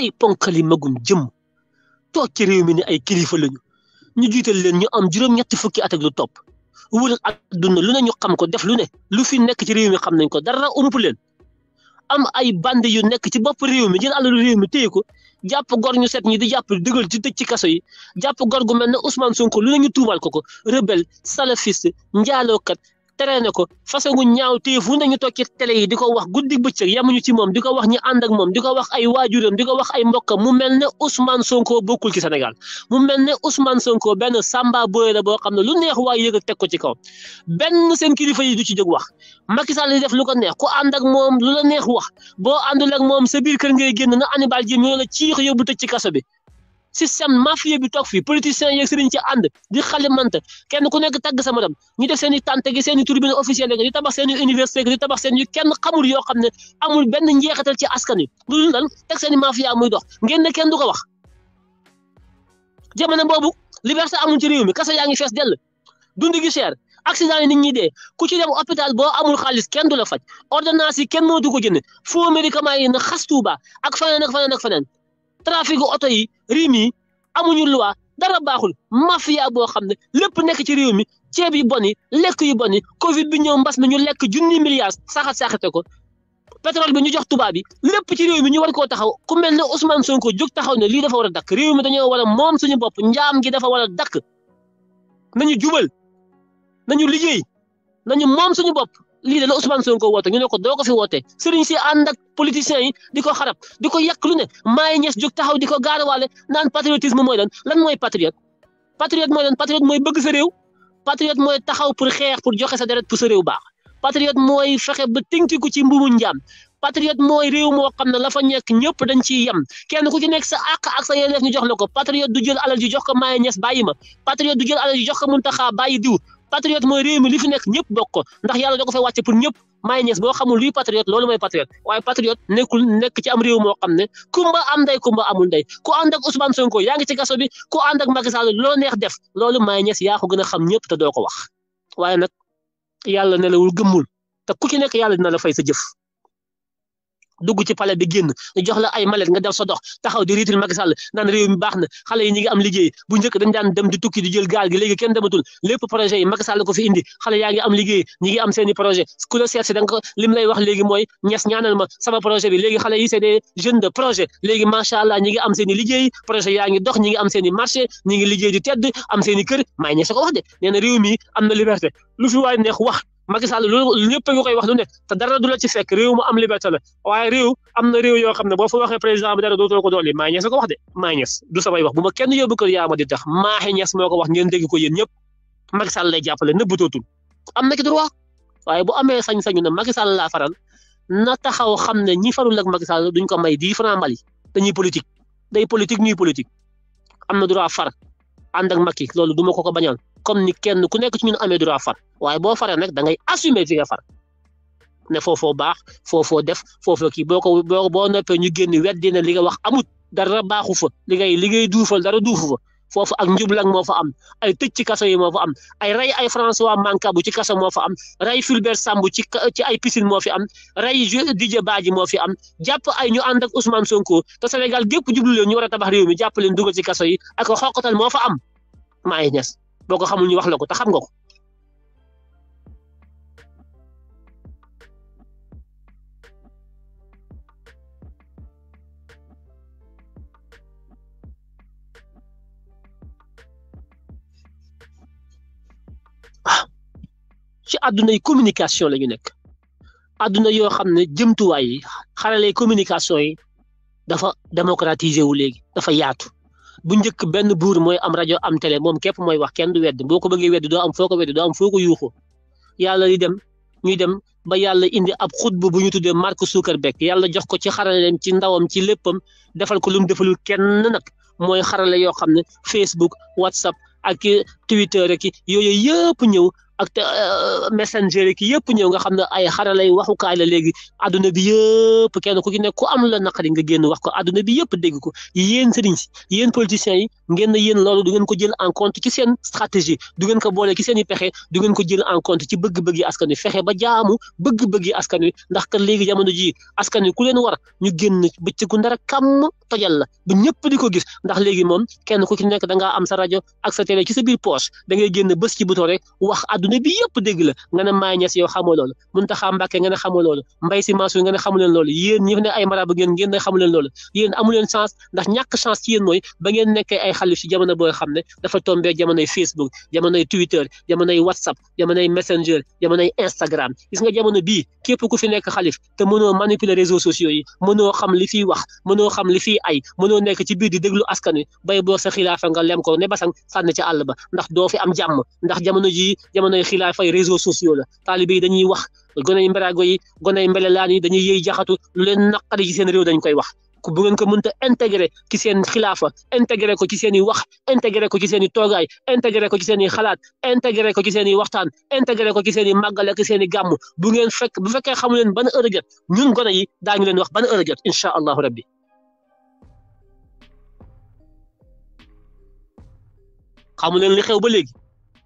ay ponkali magum jëm toog ci réew mi ne ay kilifa lañu ñu jiital leen ñu am juróom-ñetti fukki at ak lu topp wër àdduna lu ne ñu xam ko def lu ne lu fi nekk ci réew mi xam nañ ko dara ump leen am ay bande yu nekk ci bopp réew mi jël alalu réew mi téye ko jàpp gor ñu set ñi di jàpp dëgal ci tëj ci kaso yi jàpp gor gu mel ne Ousmane Sonko lu ne ñu tuumaal ko ko rebelle salafiste njaalookat traîné ko façon gu ñaaw téyefu na ñu toog ci télé yi di ko wax guddi bëccëg yemuñu ci moom di ko wax ñi ànd ak moom di ko wax ay waajuram di ko wax ay mbokkam mu mel ne Ousmane Sonko bokkul ci Sénégal mu mel ne Ousmane Sonko benn samba boye la boo xam ne lu neex waaye yëg teg ko ci kaw benn sen kilifa yi du ci jóg wax Macky Sall li def lu ko neex ku ànd ak moom lu la neex wax boo àndul ak moom sa biir kër ngay génn na Hannibal Djim ñoo ci ciix yóbbu tëj ci kaso bi système mafieux bi toog fii politiciens yeeg sëriñ ci ànd di xalimante kenn ku nekk tagg sa madam ñu def seen i tante gi seen i tribune officielle di tabax seen i université di tabax seen kenn xamul yoo xam ne amul benn njeexital ci askan wi loolu lan teg seen i mafia muy dox ngeen kenn du ko wax jamono boobu liberté amul ci réew mi kasa yaa ngi fees dell dund gi cher accident yi nit ñi dee ku ci dem hôpital boo amul xaalis kenn du la faj ordonnance yi kenn moo du ko jënd faux médicament yi na xas tuuba ak faneen ak faneen ak trafic oto yi rim yi amuñu loi dara baaxul mafia boo xam ne lépp nekk ci réew mi ceeb yi bon yi lekk yi bon yi Covid bi ñëw mbas na ñu lekk junni milliards saxat saxate ko pétrole bi ñu jox tubaab yi lépp ci réew mi ñu war koo taxaw ku mel ne Ousmane Sonko jog taxaw ne lii dafa war a dakk réew mi dañoo war a moom suñu bopp njaam gi dafa war a dakk nañu jubal nañu liggéey nañu moom suñu bopp. lii de la Ousmane Sonko woote ñu ne ko doo ko fi woote sëriñ si ànd ak politiciens yi di ko xarab di ko yàq lu ne maay ñes jóg taxaw di ko gaarawaale naan patriotisme mooy lan lan mooy patriote patriote mooy lan patriote mooy bëgg sa réew patriote mooy taxaw pour xeex pour joxe sa deret pour sa réew baax patriote mooy fexe ba tënkiku ci mbuumu njaam patriote mooy réew moo xam ne la fa nekk ñëpp dañ ciy yem kenn ku ci nekk sa àq ak sa yelleef ñu jox la ko patriote du jël alal ji jox ko maay ñes bàyyi ma patriote du jël alal ji jox ko bàyyi diw patriote mooy réew mi li fi nekk ñëpp bokk ko ndax yàlla da ko fay wàcce pour ñëpp may ñees boo xamul luy patriote loolu mooy patriote waaye patriote nekk ci am réew moo xam ne kumba am ndey kumba amul ndey ku ànd ak Ousmane Sonko yaa ngi ci kaso bi ku ànd ak Macky Sall loo neex def loolu may ñees yaa ko gën a xam ñëpp te doo ko wax waaye nag yàlla ne lawul gëmmul te ku ci nekk yàlla dina la fay sa jëf dugg ci pale bi génn ñu jox la ay malet nga def sa taxaw di riitil Macky Sall naan mi baax na xale yi ñi ngi am liggéey bu njëkk dañ daan dem di tukki di jël gaal gi léegi kenn dematul lépp projet yi Macky Sall ko fi indi xale yaa am liggéey ñi ngi am seeni i projet ku la seet si lim lay wax léegi mooy ñes ñaanal ma sama projet bi léegi xale yi c'est des de projet léegi macha allah ñi ngi am seen i liggéey projet yaa ngi dox ñi ngi am seen i marché ñi ngi liggéey di tedd am seen i kër maay ñes ko wax de nee wax Macky Sall loolu ñëpp koy wax lu ne te dara du la ci fekk réew mu am liberté la waaye réew am na réew yoo xam ne boo fa waxee président bi dara dootoo ko dolli maa ñes la ko wax de maa ñes du samay wax bu ma kenn yóbbu ko yaa ma di tax maaxe ñes moo ko wax ngeen dégg ko yéen ñëpp Macky Sall lay jàppale nëbbatootul am na ki droit waaye bu amee sañ-sañu ne Macky Sall laa faral na taxaw xam ne ñi farul ak Macky Sall duñ ko may dix francs Mali dañuy politique day politique ñuy politique am na droit far ànd ak Macky loolu du ma ko ko bañal comme ni kenn ku nekk ci ñun amee droit far waaye boo faree nag da ngay assumer fi nga far ne foofoo baax foofoo def foofoo kii boo ko boo boo noppee ñu génn weddi ne li nga wax amut dara baaxu fa li ngay li ngay duufal dara duufu fa foofu ak njublang moo fa am ay tëj ci kaso yi moo fa am ay ray ay François Mancabou ci kaso moo fa am Ray Fulbert sambu ci ci ay piscine moo fi am Ray Didier baaji moo fi am jàpp ay ñu ànd ak Ousmane Sonko te Sénégal gépp jublu leen ñu war a tabax réew mi jàpp leen dugal ci kaso yi ak xoqatal moo fa am maa ngi ñes boo ko xamul ñu wax la ko te xam nga ko ah. ci àdduna yi communication la ñu nekk àdduna yoo xam ne jëmtuwaay yi xarale communication yi dafa démocratiser wu léegi dafa yaatu bu njëkk benn buur mooy am rajo am télé moom képp mooy wax kenn du wedd boo ko bëggee wedd doo am foo ko wedd doo am foo yuuxu yàlla di dem ñuy dem ba yàlla indi ab xutbu bu ñu tuddee Mark Zuckerberg yàlla jox ko ci xaraleem ci ndawam ci léppam defal ko lu mu defalul kenn nag mooy xarale yoo xam ne Facebook WhatsApp ak Twitter rek yooyu yëpp ñëw ak eh, messenger ki yëpp ñëw nga xam ne ay xaralay waxukaay la léegi àdduna bi yëpp kenn ku ci nekk ku am la naqari nga génn wax ko àdduna bi yëpp dégg ko yéen sëriñ si yéen politiciens yi ngeen na yéen loolu du ngeen ko jël en compte ci seen stratégie du ngeen ko boole ci seen i pexe du ngeen ko jël en compte ci bëgg-bëgg yi askan wi fexe ba jaamu bëgg-bëgg yi askan wi ndax kat léegi jamono ji askan wi ku leen war ñu génn gu ndara kàmm tojal la bu ñëpp di ko gis ndax léegi moom kenn ku ci nekk da nga am sa rajo ak sa télé ci sa biir poche da ngay génn bés ci rek wax àdduna adduna bi yëpp dégg la nga ne Maye Niass yow xamoo loolu Mountakha Mbacké nga ne xamoo loolu ndax ñàkk chance ci yéen mooy ba ngeen nekkee ay xalif ci jamono boo xam ne dafa tombé jamonoy Facebook jamonoy Twitter jamonoy WhatsApp jamonoy Messenger jamonoy Instagram gis nga jamono bii képp ku fi nekk xalif te mënoo manipuler réseaux sociaux yi mënoo xam li fiy wax mënoo xam li fiy ay mënoo nekk ci biir di déglu askan bay boo sa xilaafa nga lem ne basang sànni ci àll ba ndax doo fi am jàmm ndax jamono jii jamono gonay xilaafa ay réseaux sociaux la talibé dañuy wax gonay mbarago yi gonay yi yi dañuy yëy jaxatu lu leen naqari ci seen réew dañ koy wax ku bu ngeen ko ta intégré ci seen xilaafa intégré ko ci seen wax intégré ko ci seen i toogaay intégré ko ci seen xalaat intégré ko ci seen waxtaan intégré ko ci seen i ak seen i gàmm bu ngeen fekk bu fekkee xamu leen ban heure jot ñun gone yi daañu leen wax ban heure jot insha allahu rabbi xamu leen li xew ba léegi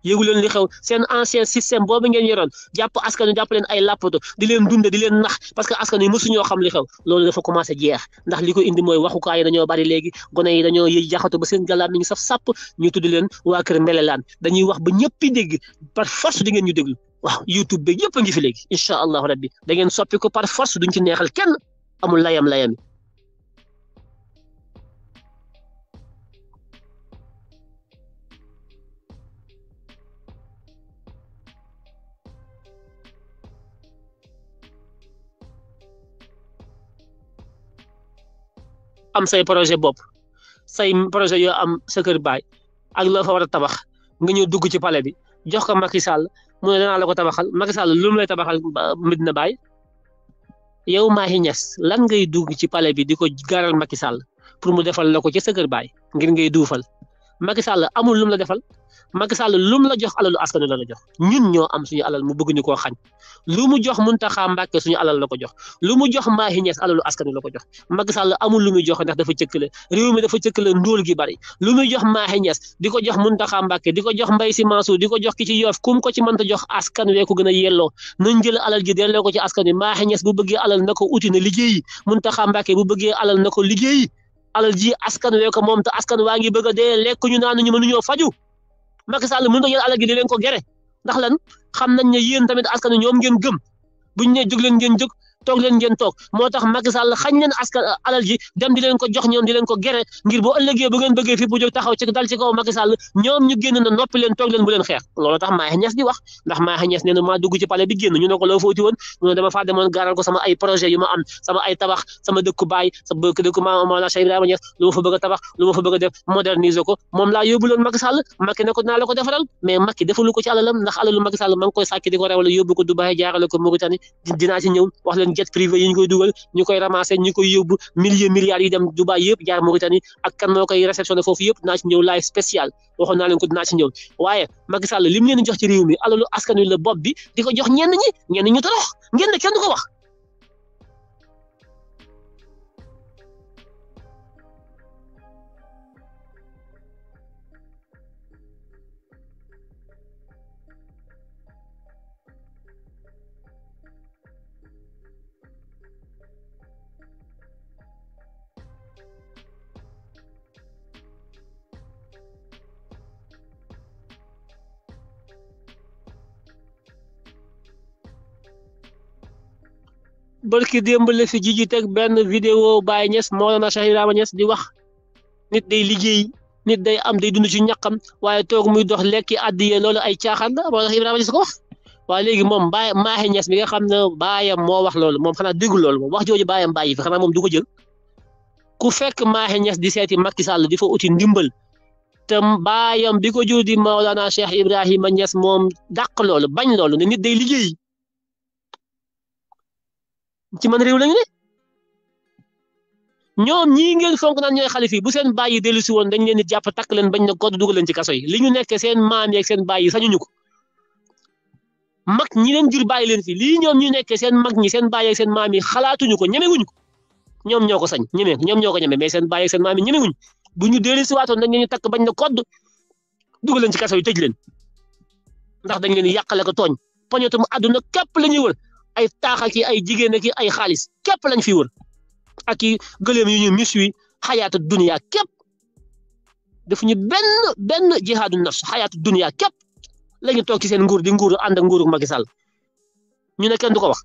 yéegu leen li xew seen ancien système boobu ngeen yoroon jàpp askan wi jàpp leen ay làppato di leen dunde di leen nax parce que askan wi mësuñoo xam li xew loolu a commencé jeex ndax li ko indi mooy waxukaay yi dañoo bari léegi gone yi dañoo yëy jaxatu ba seen gàllaat ñu saf sàpp ñu tudd leen waa kër mbelelaan dañuy wax ba ñëpp dégg par force di ngeen ñu déglu waaw youtube bi yëpp a ngi fi léegi incha allahu rabbi da ngeen soppi ko par force duñ ci neexal kenn amul layam layam am say projet bopp say projet yoo am sa kër baay ak loo fa war a tabax nga ñëw dugg ci palais bi jox ko Macky Sall mu ne danaa la ko tabaxal Macky Sall lu mu lay tabaxal Medina Baye yow Mahi Niass lan ngay dugg ci palais bi di ko garal Macky Sall pour mu defal la ko ci sa kër baay ngir ngay duufal Macky Sall amul lu la defal Macky Sall la jox alalu askan la la jox ñun ñoo am suñu alal mu bëgg ñu koo xañ lu mu jox Mountakha Mbacké suñu alal la ko jox lu mu jox Mahi Niass alalu askan la ko jox Macky Sall amul lu muy joxe ndax dafa cëkkale réew mi dafa cëkkale ndóol gi bari lu muy jox Mahi Niass di ko jox Mountakha Mbacké di ko jox Mbaye Sy Mansour di ko jox ki ci Yoff kum ko ci mënta jox askan wee ko gën a yelloo nañ jël alal ji delloo ko ci askan wi Mahi Niass bu bëggee na ko uti na liggéeyi Mountakha Mbacké bu bëggee alal na ko liggéeyi alal ji askan wee ko moom te askan waa ngi bëgg a lekk ñu naan ñu mënuñoo faju Macky Sall mënut a jël alal gi di leen ko gere ndax lan xam nañ ne yéen tamit askan ñoom ngeen gëm buñ ne jóg leen ngeen jóg tok len ngeen tok motax Macky Sall xagn len askal alal ji dem di len ko jox ñom di len ko géré ngir bo ëllëgé bu ngeen bëggé fi bu jox taxaw ci dal ci kaw Macky Sall ñom ñu genn na nopi len tok len bu len xex loolu tax ma Niass di wax ndax ma Niass neena ma dugg ci palais bi genn ñu ne ko lo foti won ñu dama fa demone garal ko sama ay projet yu ma am sama ay tabax sama dukubai, bay sa bëkk dëkku ma la Cheikh Ibrahima Niass lu ma fa bëgg tabax lu ma fa bëgg def moderniser ko mom la Macky Sall Macky ne ko na la ko defal mais Macky ci alalam ndax alalu Macky Sall mang koy sakki di ko rewale ko Mauritanie dina ci ñew wax len seen jet privé yi ñu koy dugal ñu koy ramasser ñu koy yóbbu milliers milliards yi dem Dubaï yëpp jaar Mauritanie ak kan moo ñëw laay spécial waxoon naa ñëw waaye Macky Sall li jox ci mi alalu askan wi la bopp jox ñenn ñi torox ngeen ne kenn barki démb la fi jiji teg benn vidéo Baye Niass Mawlana Cheikh Ibrahima Niass di wax nit day liggéey nit day am day dund ci ñàkkam waaye toog muy dox lekki àddiye loolu ay caaxaan la Mawlana Cheikh Ibrahima Niass ko wax waaye léegi moom Baye Mahi Niass mi nga xam ne baayam moo wax loolu moom xanaa déggul loolu moom wax jooju baayam bàyyi fi xanaa moom du ko jël ku fekk Mahi Niass di seeti Macky Sall di fo uti ndimbal te baayam bi ko jur di Mawlana Cheikh Ibrahima Niass moom dàq loolu bañ loolu ne nit day liggéey. ci man réew lañu ne ñoom ñii ngeen fonk naan ñooy xalif yi bu seen bàyyi dellu si woon dañ leen di jàpp takk leen bañ na kodd dugal leen ci kaso yi li ñu nekkee seen maam yeeg seen bàyyi sañuñu ko mag ñi leen jur bàyyi leen fi lii ñoom ñu nekkee seen mag ñi seen bàyyi ak seen maam yi xalaatuñu ko ñemewuñu ko ñoom ñoo ko sañ ñeme ñoom ñoo ko ñeme mais seen bàyyi ak seen maam yi ñemewuñu bu ñu dellu si waatoon dañ leen di takk bañ na kodd dugal leen ci kaso yi tëj leen ndax dañ leen di yàqale ko tooñ poñetum àdduna képp la ñuy wër ay taax ak ay jigéen ak ay xaalis kep lañ fi wër ak i gëléem yu ñu mis hayat dunya dunia def ñu ben ben jihadun nafs dunia kep lañ tok ci seen nguur di nguur and ak kan, Macky Sall ñu ne kenn duko wax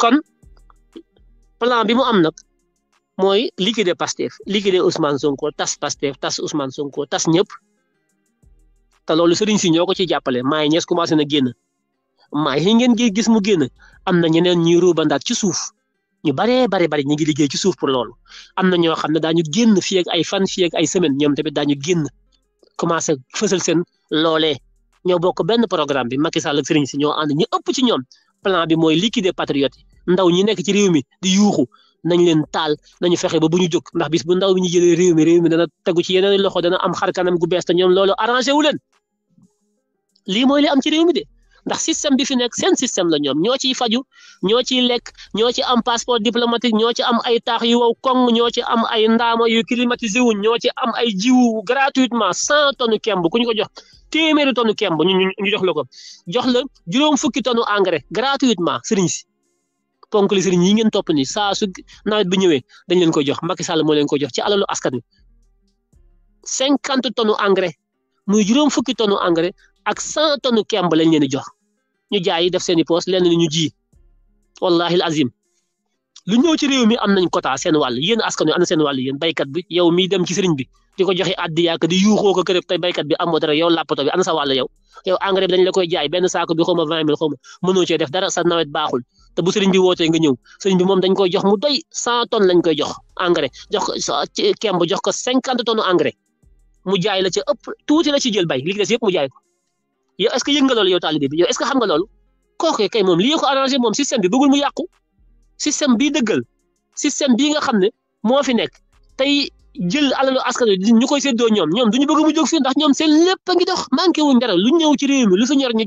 kon plan bi mu am nak mooy liquider Pastef liquider Ousmane Sonko tas Pastef tas Ousmane Sonko tas ñëpp te loolu sëriñ si ñoo ko ci jàppale maay ñees commencé na génn ma yi ngeen gis mu génn am na ñeneen ñuy ruubandaat ci suuf ñu baree bari bari ñu ngi liggéey ci suuf pour loolu am na ñoo xam ne daañu génn fii ak ay fan fii ay semaine ñoom tamit daañu génn commencé fësal seen loolee ñoo bokk benn programme bi Macky Sall ak sëriñ si ñoo ànd ñu ëpp ci ñoom plan bi mooy liquider patriote yi ndaw ñi nekk ci réew mi di yuuxu nañ leen taal nañu fexe ba bu ñu jóg ndax bis bu ndaw bi ñu jëlee réew mi réew mi dana tegu ci yeneen loxo dana am xar kanam gu bees te ñoom loolu arrangé wu leen lii mooy li am ci réew mi de ndax système bi fi nekk seen système la ñoom ñoo ciy faju ñoo ciy lekk ñoo ci am passeport diplomatique ñoo ci am ay taax yu wow koŋ ñoo ci am ay ndaama yu climatisé wuñ ñoo ci am ay jiwu gratuitement cent tonnes kemb ku ñu ko jox téeméeri tonnes kemb ñu ñu jox la ko jox la juróom fukki tonnes engrais gratuitement sëriñ si. ponk li sëriñ yi ngeen topp ni saa su nawet bi ñëwee dañ leen koy jox Macky Sall moo leen koy jox ci alalu askan wi cinquante tonnes engrais muy juróom fukki tonnes engrais ak cent tonnes kemb lañ leen di jox ñu jaay def seen i poos lenn ni ñu ji wallahi azim lu ñëw ci réew mi am nañ quota seen wàll yéen askan wi am na seen wàll baykat bi yow dem ci sëriñ bi di ko joxe addi yaaka di yuuxoo ko kërëb tey baykat bi amoo dara yow làppato bi am na sa wàll yow bi dañ la koy jaay benn saako bi xaw vingt mille xaw cee def dara sa nawet baaxul te bu sëriñ bi wootee nga ñëw sëriñ bi moom dañ koy jox mu doy cent tonnes lañ koy jox engrais jox ko kemb jox ko cinquante tonnes engrais mu jaay la ca ëpp tuuti la ci jël bay li ci des yëpp mu jaay ko yow est ce que yëg nga loolu yow taalibe bi yow est ce que xam nga loolu kooku kay moom li ko arrangé moom système bi bëggul mu yàqu système bii dëggal système bii nga xam ne moo fi nekk tey jël alalu askan wi ñu koy séddoo ñoom ñoom duñu bëgg mu jóg fii ndax ñoom seen lépp a ngi dox manqué wuñ ñu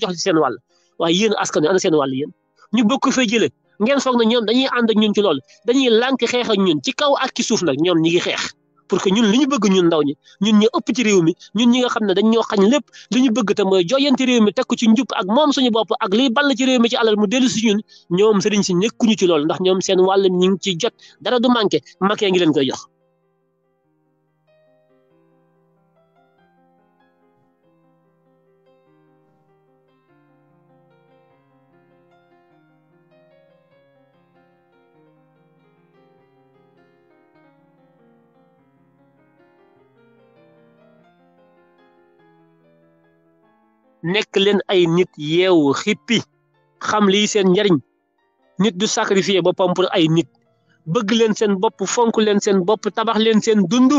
jox ci seen wàll waaye yéen askan wi ana seen wàll yéen ñu bokk fay jëlee ngeen foog na ñoom dañuy ànd ak ñun ci lool dañuy lànk xeex ak ñun ci kaw ak ki suuf nag ñoom ñi ngi xeex pour que ñun li ñu bëgg ñun ndaw ñi ñun ñu ëpp ci réew mi ñun ñi nga xam ne dañ ñoo xañ lépp lu ñu bëgg te mooy jooyanti réew mi teg ci njub ak moom suñu bopp ak liy ball ci réew mi ci alal mu dellu si ñun ñoom sëriñ si nekkuñu ci loolu ndax ñoom seen wàll ñi ngi ci jot dara du manqué makee ngi leen koy nekk leen ay nit yeewu xippi xam lii seen njariñ nit du sacrifier boppam pour ay nit bëgg leen seen bopp fonk leen seen bopp tabax leen seen dund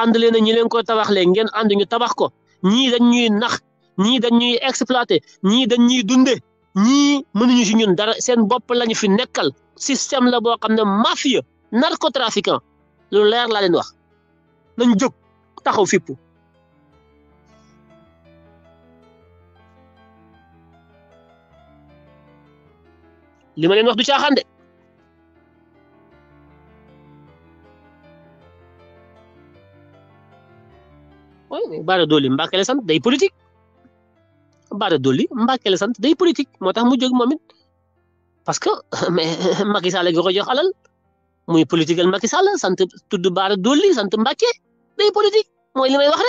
ànd leen ñi leen ko tabaxlee ngeen ànd ñu tabax ko ñii dañ ñuy nax ñii dañ exploité ñii dañ ñuy ñii mënuñu si ñun dara seen bopp lañu fi nekkal système la boo xam ne mafia narcotrafiquant lu leer laa leen wax nañ jóg taxaw fippu lima ma leen wax du caaxaan de oh, Bara Dolly Mbàkke la day politique Bara duli Mbak la day politique moo tax mu jóg moom it parce que mais Macky Sall gi ko jox alal muy politique Macky Sall sant tudd Bara Dolly sant Mbàkke day politique mooy li wax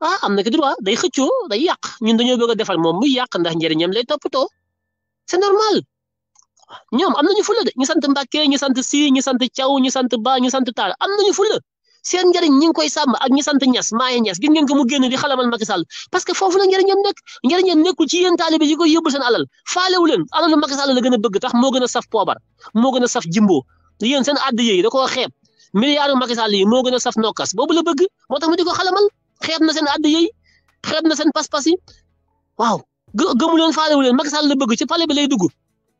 ah amne kedua, ki droit day xëccoo day yàq ñun dañoo bëgg a defar moom muy yàq ndax njëriñam c'est normal ñoom am nañu fulla de ñu sant Mbàkke ñu sant Si ñu sant Thiaw ñu sant Ba ñu sant Taal am nañu fulla seen njëriñ ñi ngi koy sàmm ak ñi sant Niass maaye Niass gis ngeen ko mu génn di xalamal Macky Sall parce que foofu la njëriñam nekk njëriñam nekkul ci yéen taalibe yi koy yóbbu seen alal faalewu leen alalu Macky Sall la gën a bëgg a saf poobar moo a saf jimbo yéen seen àdd yi da koo xeeb milliardu yi moo gën a saf nokkas boobu la bëgg moo tax mu di ko xalamal xeeb na seen àdd yi xeeb na seen pas-pas yi waaw gëmu leen faalewu leen Macky Sall la bëgg ci palais bi lay dugg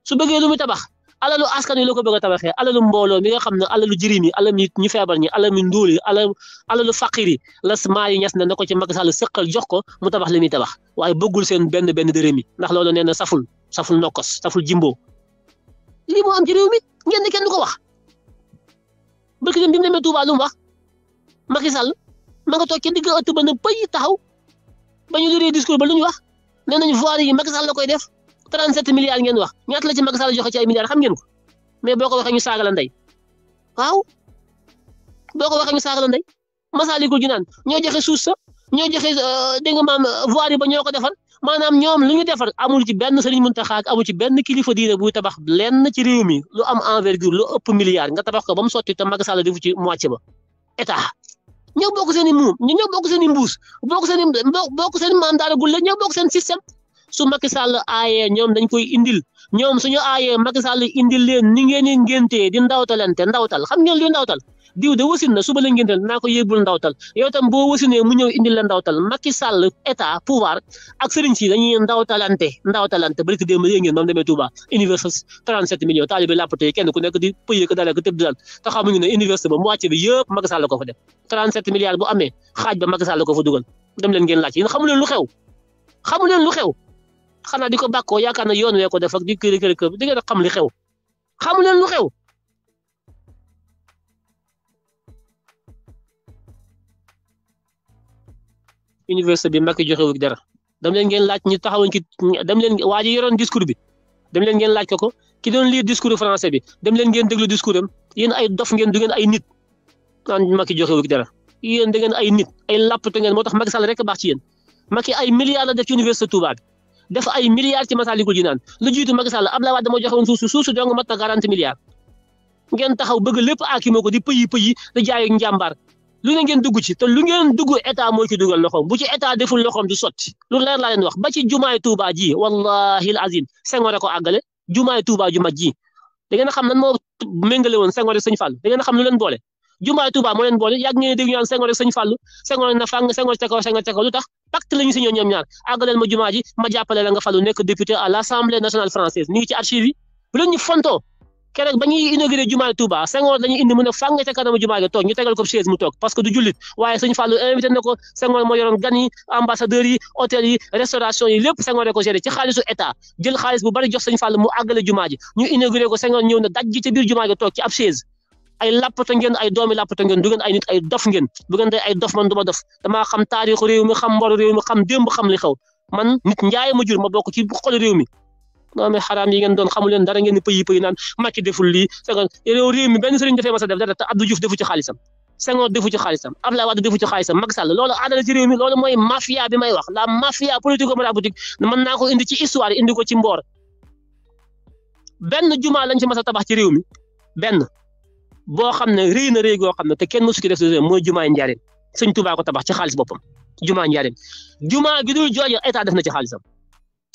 su bëggee lu mu tabax alalu askan wi la ko bëgg tabaxee alalu mbooloo mi nga xam ne alalu jirim yi alalu ñu feebar ñi alalu ndóol yi alalu alalu faqir la maa yi ñes na na ko ci Macky Sall sëqal jox ko mu tabax li muy tabax waaye bëggul seen benn benn dërëm yi ndax loolu nee na saful saful nokkos saful jimbo lii moo am ci réew mi ngeen kenn du ko wax barki dem bi mu demee Touba lu mu wax Macky Sall ma nga toog kenn di gën a ëtt ba ne bay taxaw ba ñu liree discours ba lu ñu wax. nee nañu voirie yi Macky Sall la koy def 37 milliards ngeen wax ñaata la ci Macky Sall joxe ci ay milliards xam ngeen ko mais boo ko waxee ñu saaga la ndey waaw boo ko waxee ñu saaga la ndey Masaalikul ñoo joxe suuf sa ñoo joxe euh, dégg nga maam euh, voirie ba ñoo ko defar maanaam ñoom lu ñu defar amul ci benn sëriñ Muntaxa ak amul ci benn kilifa diine buy tabax lenn ci réew mi lu am envergure lu ëpp milliard nga tabax ko ba mu sotti te Macky Sall defu ci moitié ma état ñoo bokk seen i muum ñoo bokk seen i mbuus bokk seen i bokk seen i mandat gulle ñoo bokk seen système su Macky Sall aayee ñoom dañ koy indil ñoom suñu aayee Macky Sall indil leen ni ngeen di ngéntee di ndawtalante ndawtal xam ngeen luy ndawtal diw de wasin na suba la ko yóbbul ndawtal yow tam boo wasinee mu ñëw la ndawtal Macky Sall état pouvoir ak sëriñ si dañuy ndawtalante ndawtalante ba léegi démb yéen ngeen moom demee Touba université 37 millions taalibe lappatee kenn ku nekk di pëyee ko dara ko tëb di dal te xamuñu ne université ba moitié bi yëpp Macky Sall ko fa def 37 milliards bu amee xaaj ba Macky Sall ko fa dugal dem leen ngeen laaj yéen lu xew xamu leen lu xew xanaa di ko bàkkoo yaakaar na yoon def ak di kër kër xew université bi Macky joxewul dara dam leen ngeen laaj ñu taxawuñ ci dem leen waa ji yoroon discours bi dem leen laaj ko ko ki doon lire discours français bi dem leen ngeen déglu discours am yéen ay dof ngeen du ngeen ay nit dara yéen da ngeen ay nit ay lappatu ngeen moo tax Macky Sall rek baax ci yéen Macky ay milliards la def ci université Touba bi def ay milliards ci Massalikul Jinaan lu jiitu Macky Sall Abdoulaye Wade moo joxewoon suuf si suuf dong mat na 40 milliards ngeen taxaw bëgg lépp aakimoo ko di pëyi pëyi da jaay njàmbaar lu ne ngeen dugg ci te lu ngeen dugg état moo ci dugal loxoom bu ci état deful loxoom du sotti lu leer laa leen wax ba ci jumaay Touba ji wallahi al azim Senghor ko àggale jumaay Touba ju mag ji a xam nan moo méngale woon Senghor Sëñ Fall da ngeen a xam lu leen boole jumaay Touba moo leen boole yàgg ngeen dégg ñu naan Senghor Sëñ Fall Senghor na fàng Senghor lu tax pacte la ñu signé ma jumaa ji ma jàppale la nga falu nekk député à l' assemblée nationale française mi ngi ci archive yi keroog ba ñuy inauguré jumaay Touba Senghor dañuy indi mu ne fàng ca kanamu jumaa ga toog ñu tegal ko chaise mu toog parce que du jullit waaye Sëñ Fallou invité Senghor moo yoroon gan yi ambassadeurs yi lépp Senghor ko géré ci xaalisu état jël xaalis bu bari jox Sëñ Fallou mu àggale jumaa ji ñu inauguré ko Senghor ñëw na daj ji ci biir jumaa ga toog ci ab chaise ay làppato ngeen ay doomi làppato ngeen du ay dof ngeen bu ay dof man du ma dof damaa xam taarixu réew mi doomi xaraam yi ngeen doon xamu leen dara ngeen pëyi pëyi naan Macky deful lii Senghor réew réew mi benn sëriñ def dara te Abdou Diouf defu ci xaalisam Senghor defu ci xaalisam Abdoulaye Wade defu ci xaalisam Macky Sall loolu aadala ci réew mi loolu mooy mafia bi may wax la mafia politico-maraboutique mën naa ko indi ci histoire indi ko ci mboor benn jumaa lañ ci mas a tabax ci réew mi benn boo xam ne réy na réy goo xam ne te kenn mosu ki def si mooy jumaay njaareem sëñ Tuubaa ko tabax ci xaalis boppam jumaa njaareem jumaa gi dul jooju état def na ci xaalisam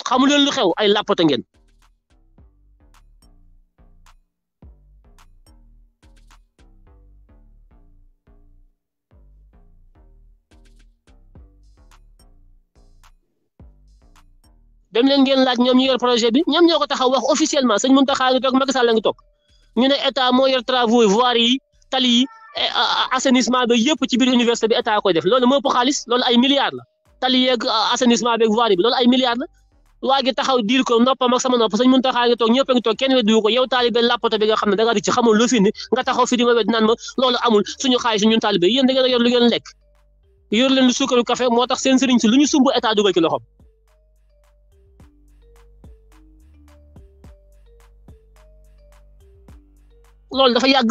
xamu leen lu xew ay làppata ngeen dem leen ngeen laaj ñoom ñu yor projet bi ñoom ñoo ko taxaw wax officiellement sëñ Mountakha ngi toog Macky Sall la ngi toog ñu ne état moo yor travaux yi voirie yi tali yi e, assainissement bi yëpp ci biir université bi état koy def loolu moo ëpp xaalis loolu ay milliards la tali yeeg assainissement beeg voirie lool ay milliards waa gi taxaw diir ko noppam ak sama nopp sañ mun taxaa ngi toog ñëpp a ngi toog kenn weddiwu ko yow taalibe làppato bi nga xam ne da nga rëcc xamul lu fi nga taxaw fi di naan ma loolu amul suñu xaalis ñun taalibe yéen da ngeen a yor lu ngeen lekk yor lu suukaru café moo tax seen sëriñ ñu lu ñu sumb état dugal ci loxoom loolu dafa yàgg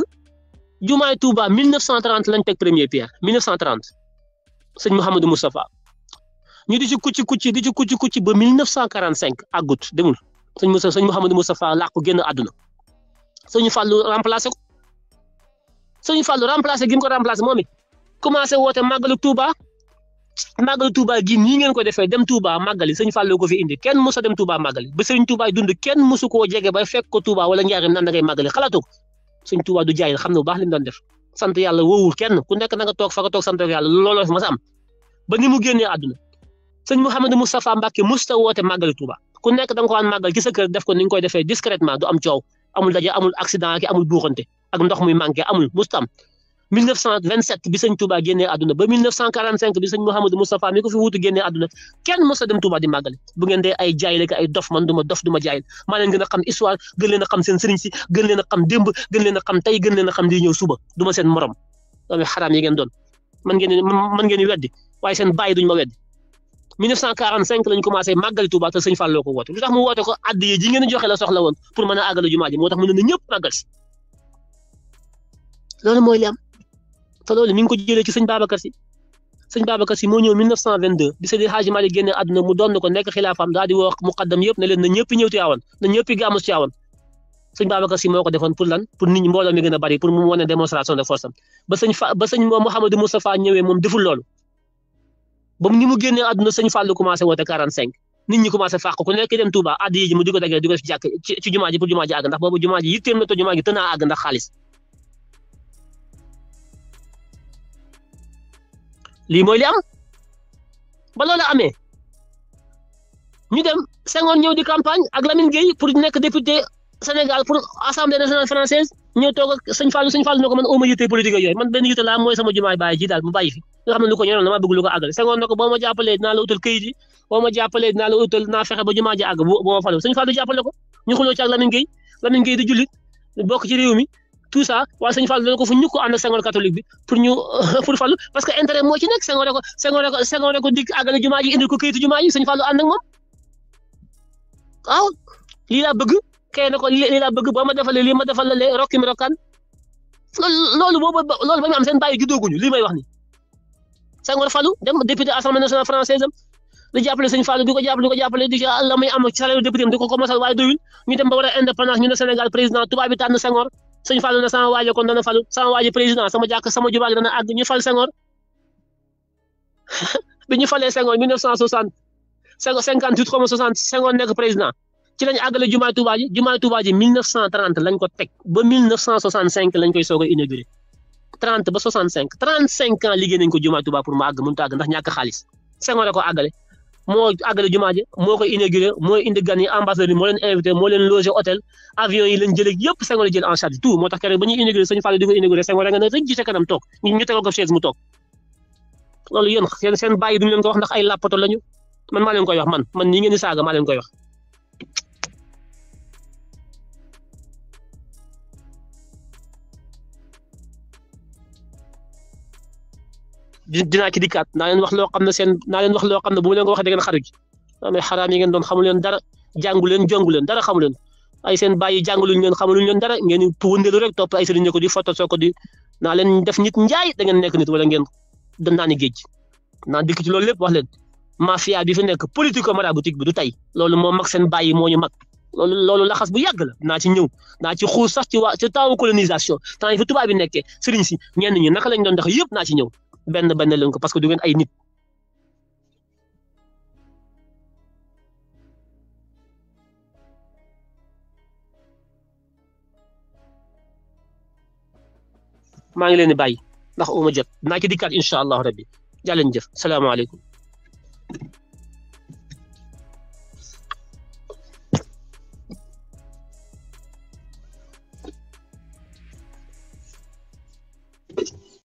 jumaay Touba 1930 lañ teg premier pierre 1930 sëñ Mouhamadou Moustapha ñu di ci kucci kucci di ci kucci kucci ba 1945 àggut demul sëñ Moussa sëñ Mouhamadou Moustapha làqu génn àdduna sëñ Fallou remplacé ko sëñ Fallou remplacé gi mu ko remplacé moom it commencé woote màggalu Touba màggalu Touba gi nii ngeen ko defee dem Touba màggali sëñ Fallou ko fi indi kenn mosa dem Touba màggali ba sëñ Touba dund kenn mosu koo jege ba fekk ko Touba wala njaarim nan da ngay màggali xalaatu ko sëñ Touba du jaay xam ne bu baax li mu doon def sant yàlla wowul kenn ku nekk na nga toog fa nga toog sant yàlla looloo fi ma sa am ba ni génnee àdduna señ Mouhamadou Moustapha Mbacke musta woote màggal Touba ku nekk da ko waan màggal ci sa def ko ni nga koy du am coow amul daje amul accident ki amul buuxante ak ndox muy manqué amul mustam 1927 bi sëñ Touba génnee àdduna ba 1945 bi sëñ Mouhamadou Moustapha mi ko fi wuutu génnee àdduna kenn mos a dem Touba di màggale bu ay jaay ay dof man du dof du ma jaay maa leen a xam histoire gën leen a xam seen sëriñ si gën leen a a xam tey gën leen a xam di ñëw suba du ma seen morom waaye seen bàyyi duñ 1945 lañ commencé màggali Touba te sëñ Fallou ko woote lu tax mu woote ko àdd yi ji ngeen joxe la soxla woon pour mën a àggale jumaa ji moo tax mu ne na ñëpp màggal si loolu mooy li loolu mi ngi ko jëlee ci sëñ Babacar si sëñ Babacar si moo ñëw 1922 bi Seydi Hadji Malick génne mu doon ko nekk xilaafam daal di woo na ñëpp ñëw Tiwaawan na ñëpp gàmmu Tiwaawan sëñ Babacar si moo ko lan pour nit ñi mbooloo a bari pour mu wane démonstration de force am ba sëñ fa ba sëñ moom deful loolu ba ni mu génnee àdduna sëñ Fallou commencé woote 45 nit ñi commencé fàq ku nekk dem Touba addi yi mu di ko dagg di ko def ci jàkk ci jumaa ji pour jumaa ji àgg ndax boobu jumaa ji yitteem na te jumaa ji mooy li am ba dem Senghor ñëw di campagne ak Lamine Gueye pour nekk député. Sénégal pour assemblée nationale française ñëw toog ak sëñ Fallou sëñ Fallou ne ko man auma yitte politique ak man benn yitte laa mooy sama jumaay bàyyi ji daal mu bàyyi fi nga xam ne lu ko ñoroon dama bëgg lu ko àggale Senghor ne ko boo ma jàppalee dinaa la utal këyit yi boo ma ba jumaa ji àgg bu ma falu sëñ Fallou jàppale ko ñu xuloo ci ak Lamine Gueye Lamine Gueye di jullit bokk ci réew mi tout ça kee ne ko li laa bëgg boo ma defalee lii ma defal la mi ba ñu am seen may wax ni Senghor falu dem député assemblée nationale française am di jàppale sëñ Fallou di ko jàppale di ko jàppale di ko la muy am ci salaire député ñu dem ba war a indépendance ñu ne Sénégal président tubaab bi tànn Senghor sëñ sama waaje kon falu sama waaje président sama jàkk sama jubaag dana àgg ñu fal Senghor bi ñu falee Senghor 1960 ci lañ àggale jumaay Touba ji jumaay Touba ji 1930 lañ ko teg ba 1965 lañ koy soog a inauguré 30 ba 65 35 ans liggéey nañ ko jumaay Touba pour mu àgg mënut àgg ndax ñàkk xaalis Senghor la ko àggale moo àggale jumaa ji moo ko inauguré mooy indi gan yi ambassadeur yi moo leen invité moo leen logé hôtel avion yi lañ jëlee yëpp Senghor la jël en charge tout moo tax keroog ba ñuy inauguré suñu fàlle di ko inauguré Senghor da nga ne rëj ji sa kanam toog ñu tegal ko chaise mu toog loolu yéen seen seen bàyyi duñu leen ko wax ndax ay làppato lañu man maa leen koy wax man man ni ngeen di saaga maa leen koy wax dinaa ci dikkaat naa leen wax loo xam ne seen naa leen wax loo xam ne bu mu leen ko waxee da ngeen xaru ji amee xaraam yi leen dara jàngu leen jongu leen dara xamu leen ay seen bàyyi dara ngeen wëndeelu rek topp ay sëriñ ne ko di foto soo ko di naa leen def nit njaay da ngeen nekk wala ngeen da naani géej naa dikk ci loolu lépp wax leen mafia bi fi nekk politique maraboutique bi du tey loolu moo mag seen bàyyi moo ñu mag loolu loolu laxas bu yàgg la naa ci ñëw naa ci xuus sax ci waa ci temps colonisation temps yi fi tubaab bi nekkee sëriñ si ñenn ñi naka doon dox yëpp naa ci ñëw benn benn leen ko parce que du ngeen ay nit maa ngi leen di bàyyi ndax uma jot naa ci dikkaat incha allahu rabbi jàlleen jëf salaamaaleykum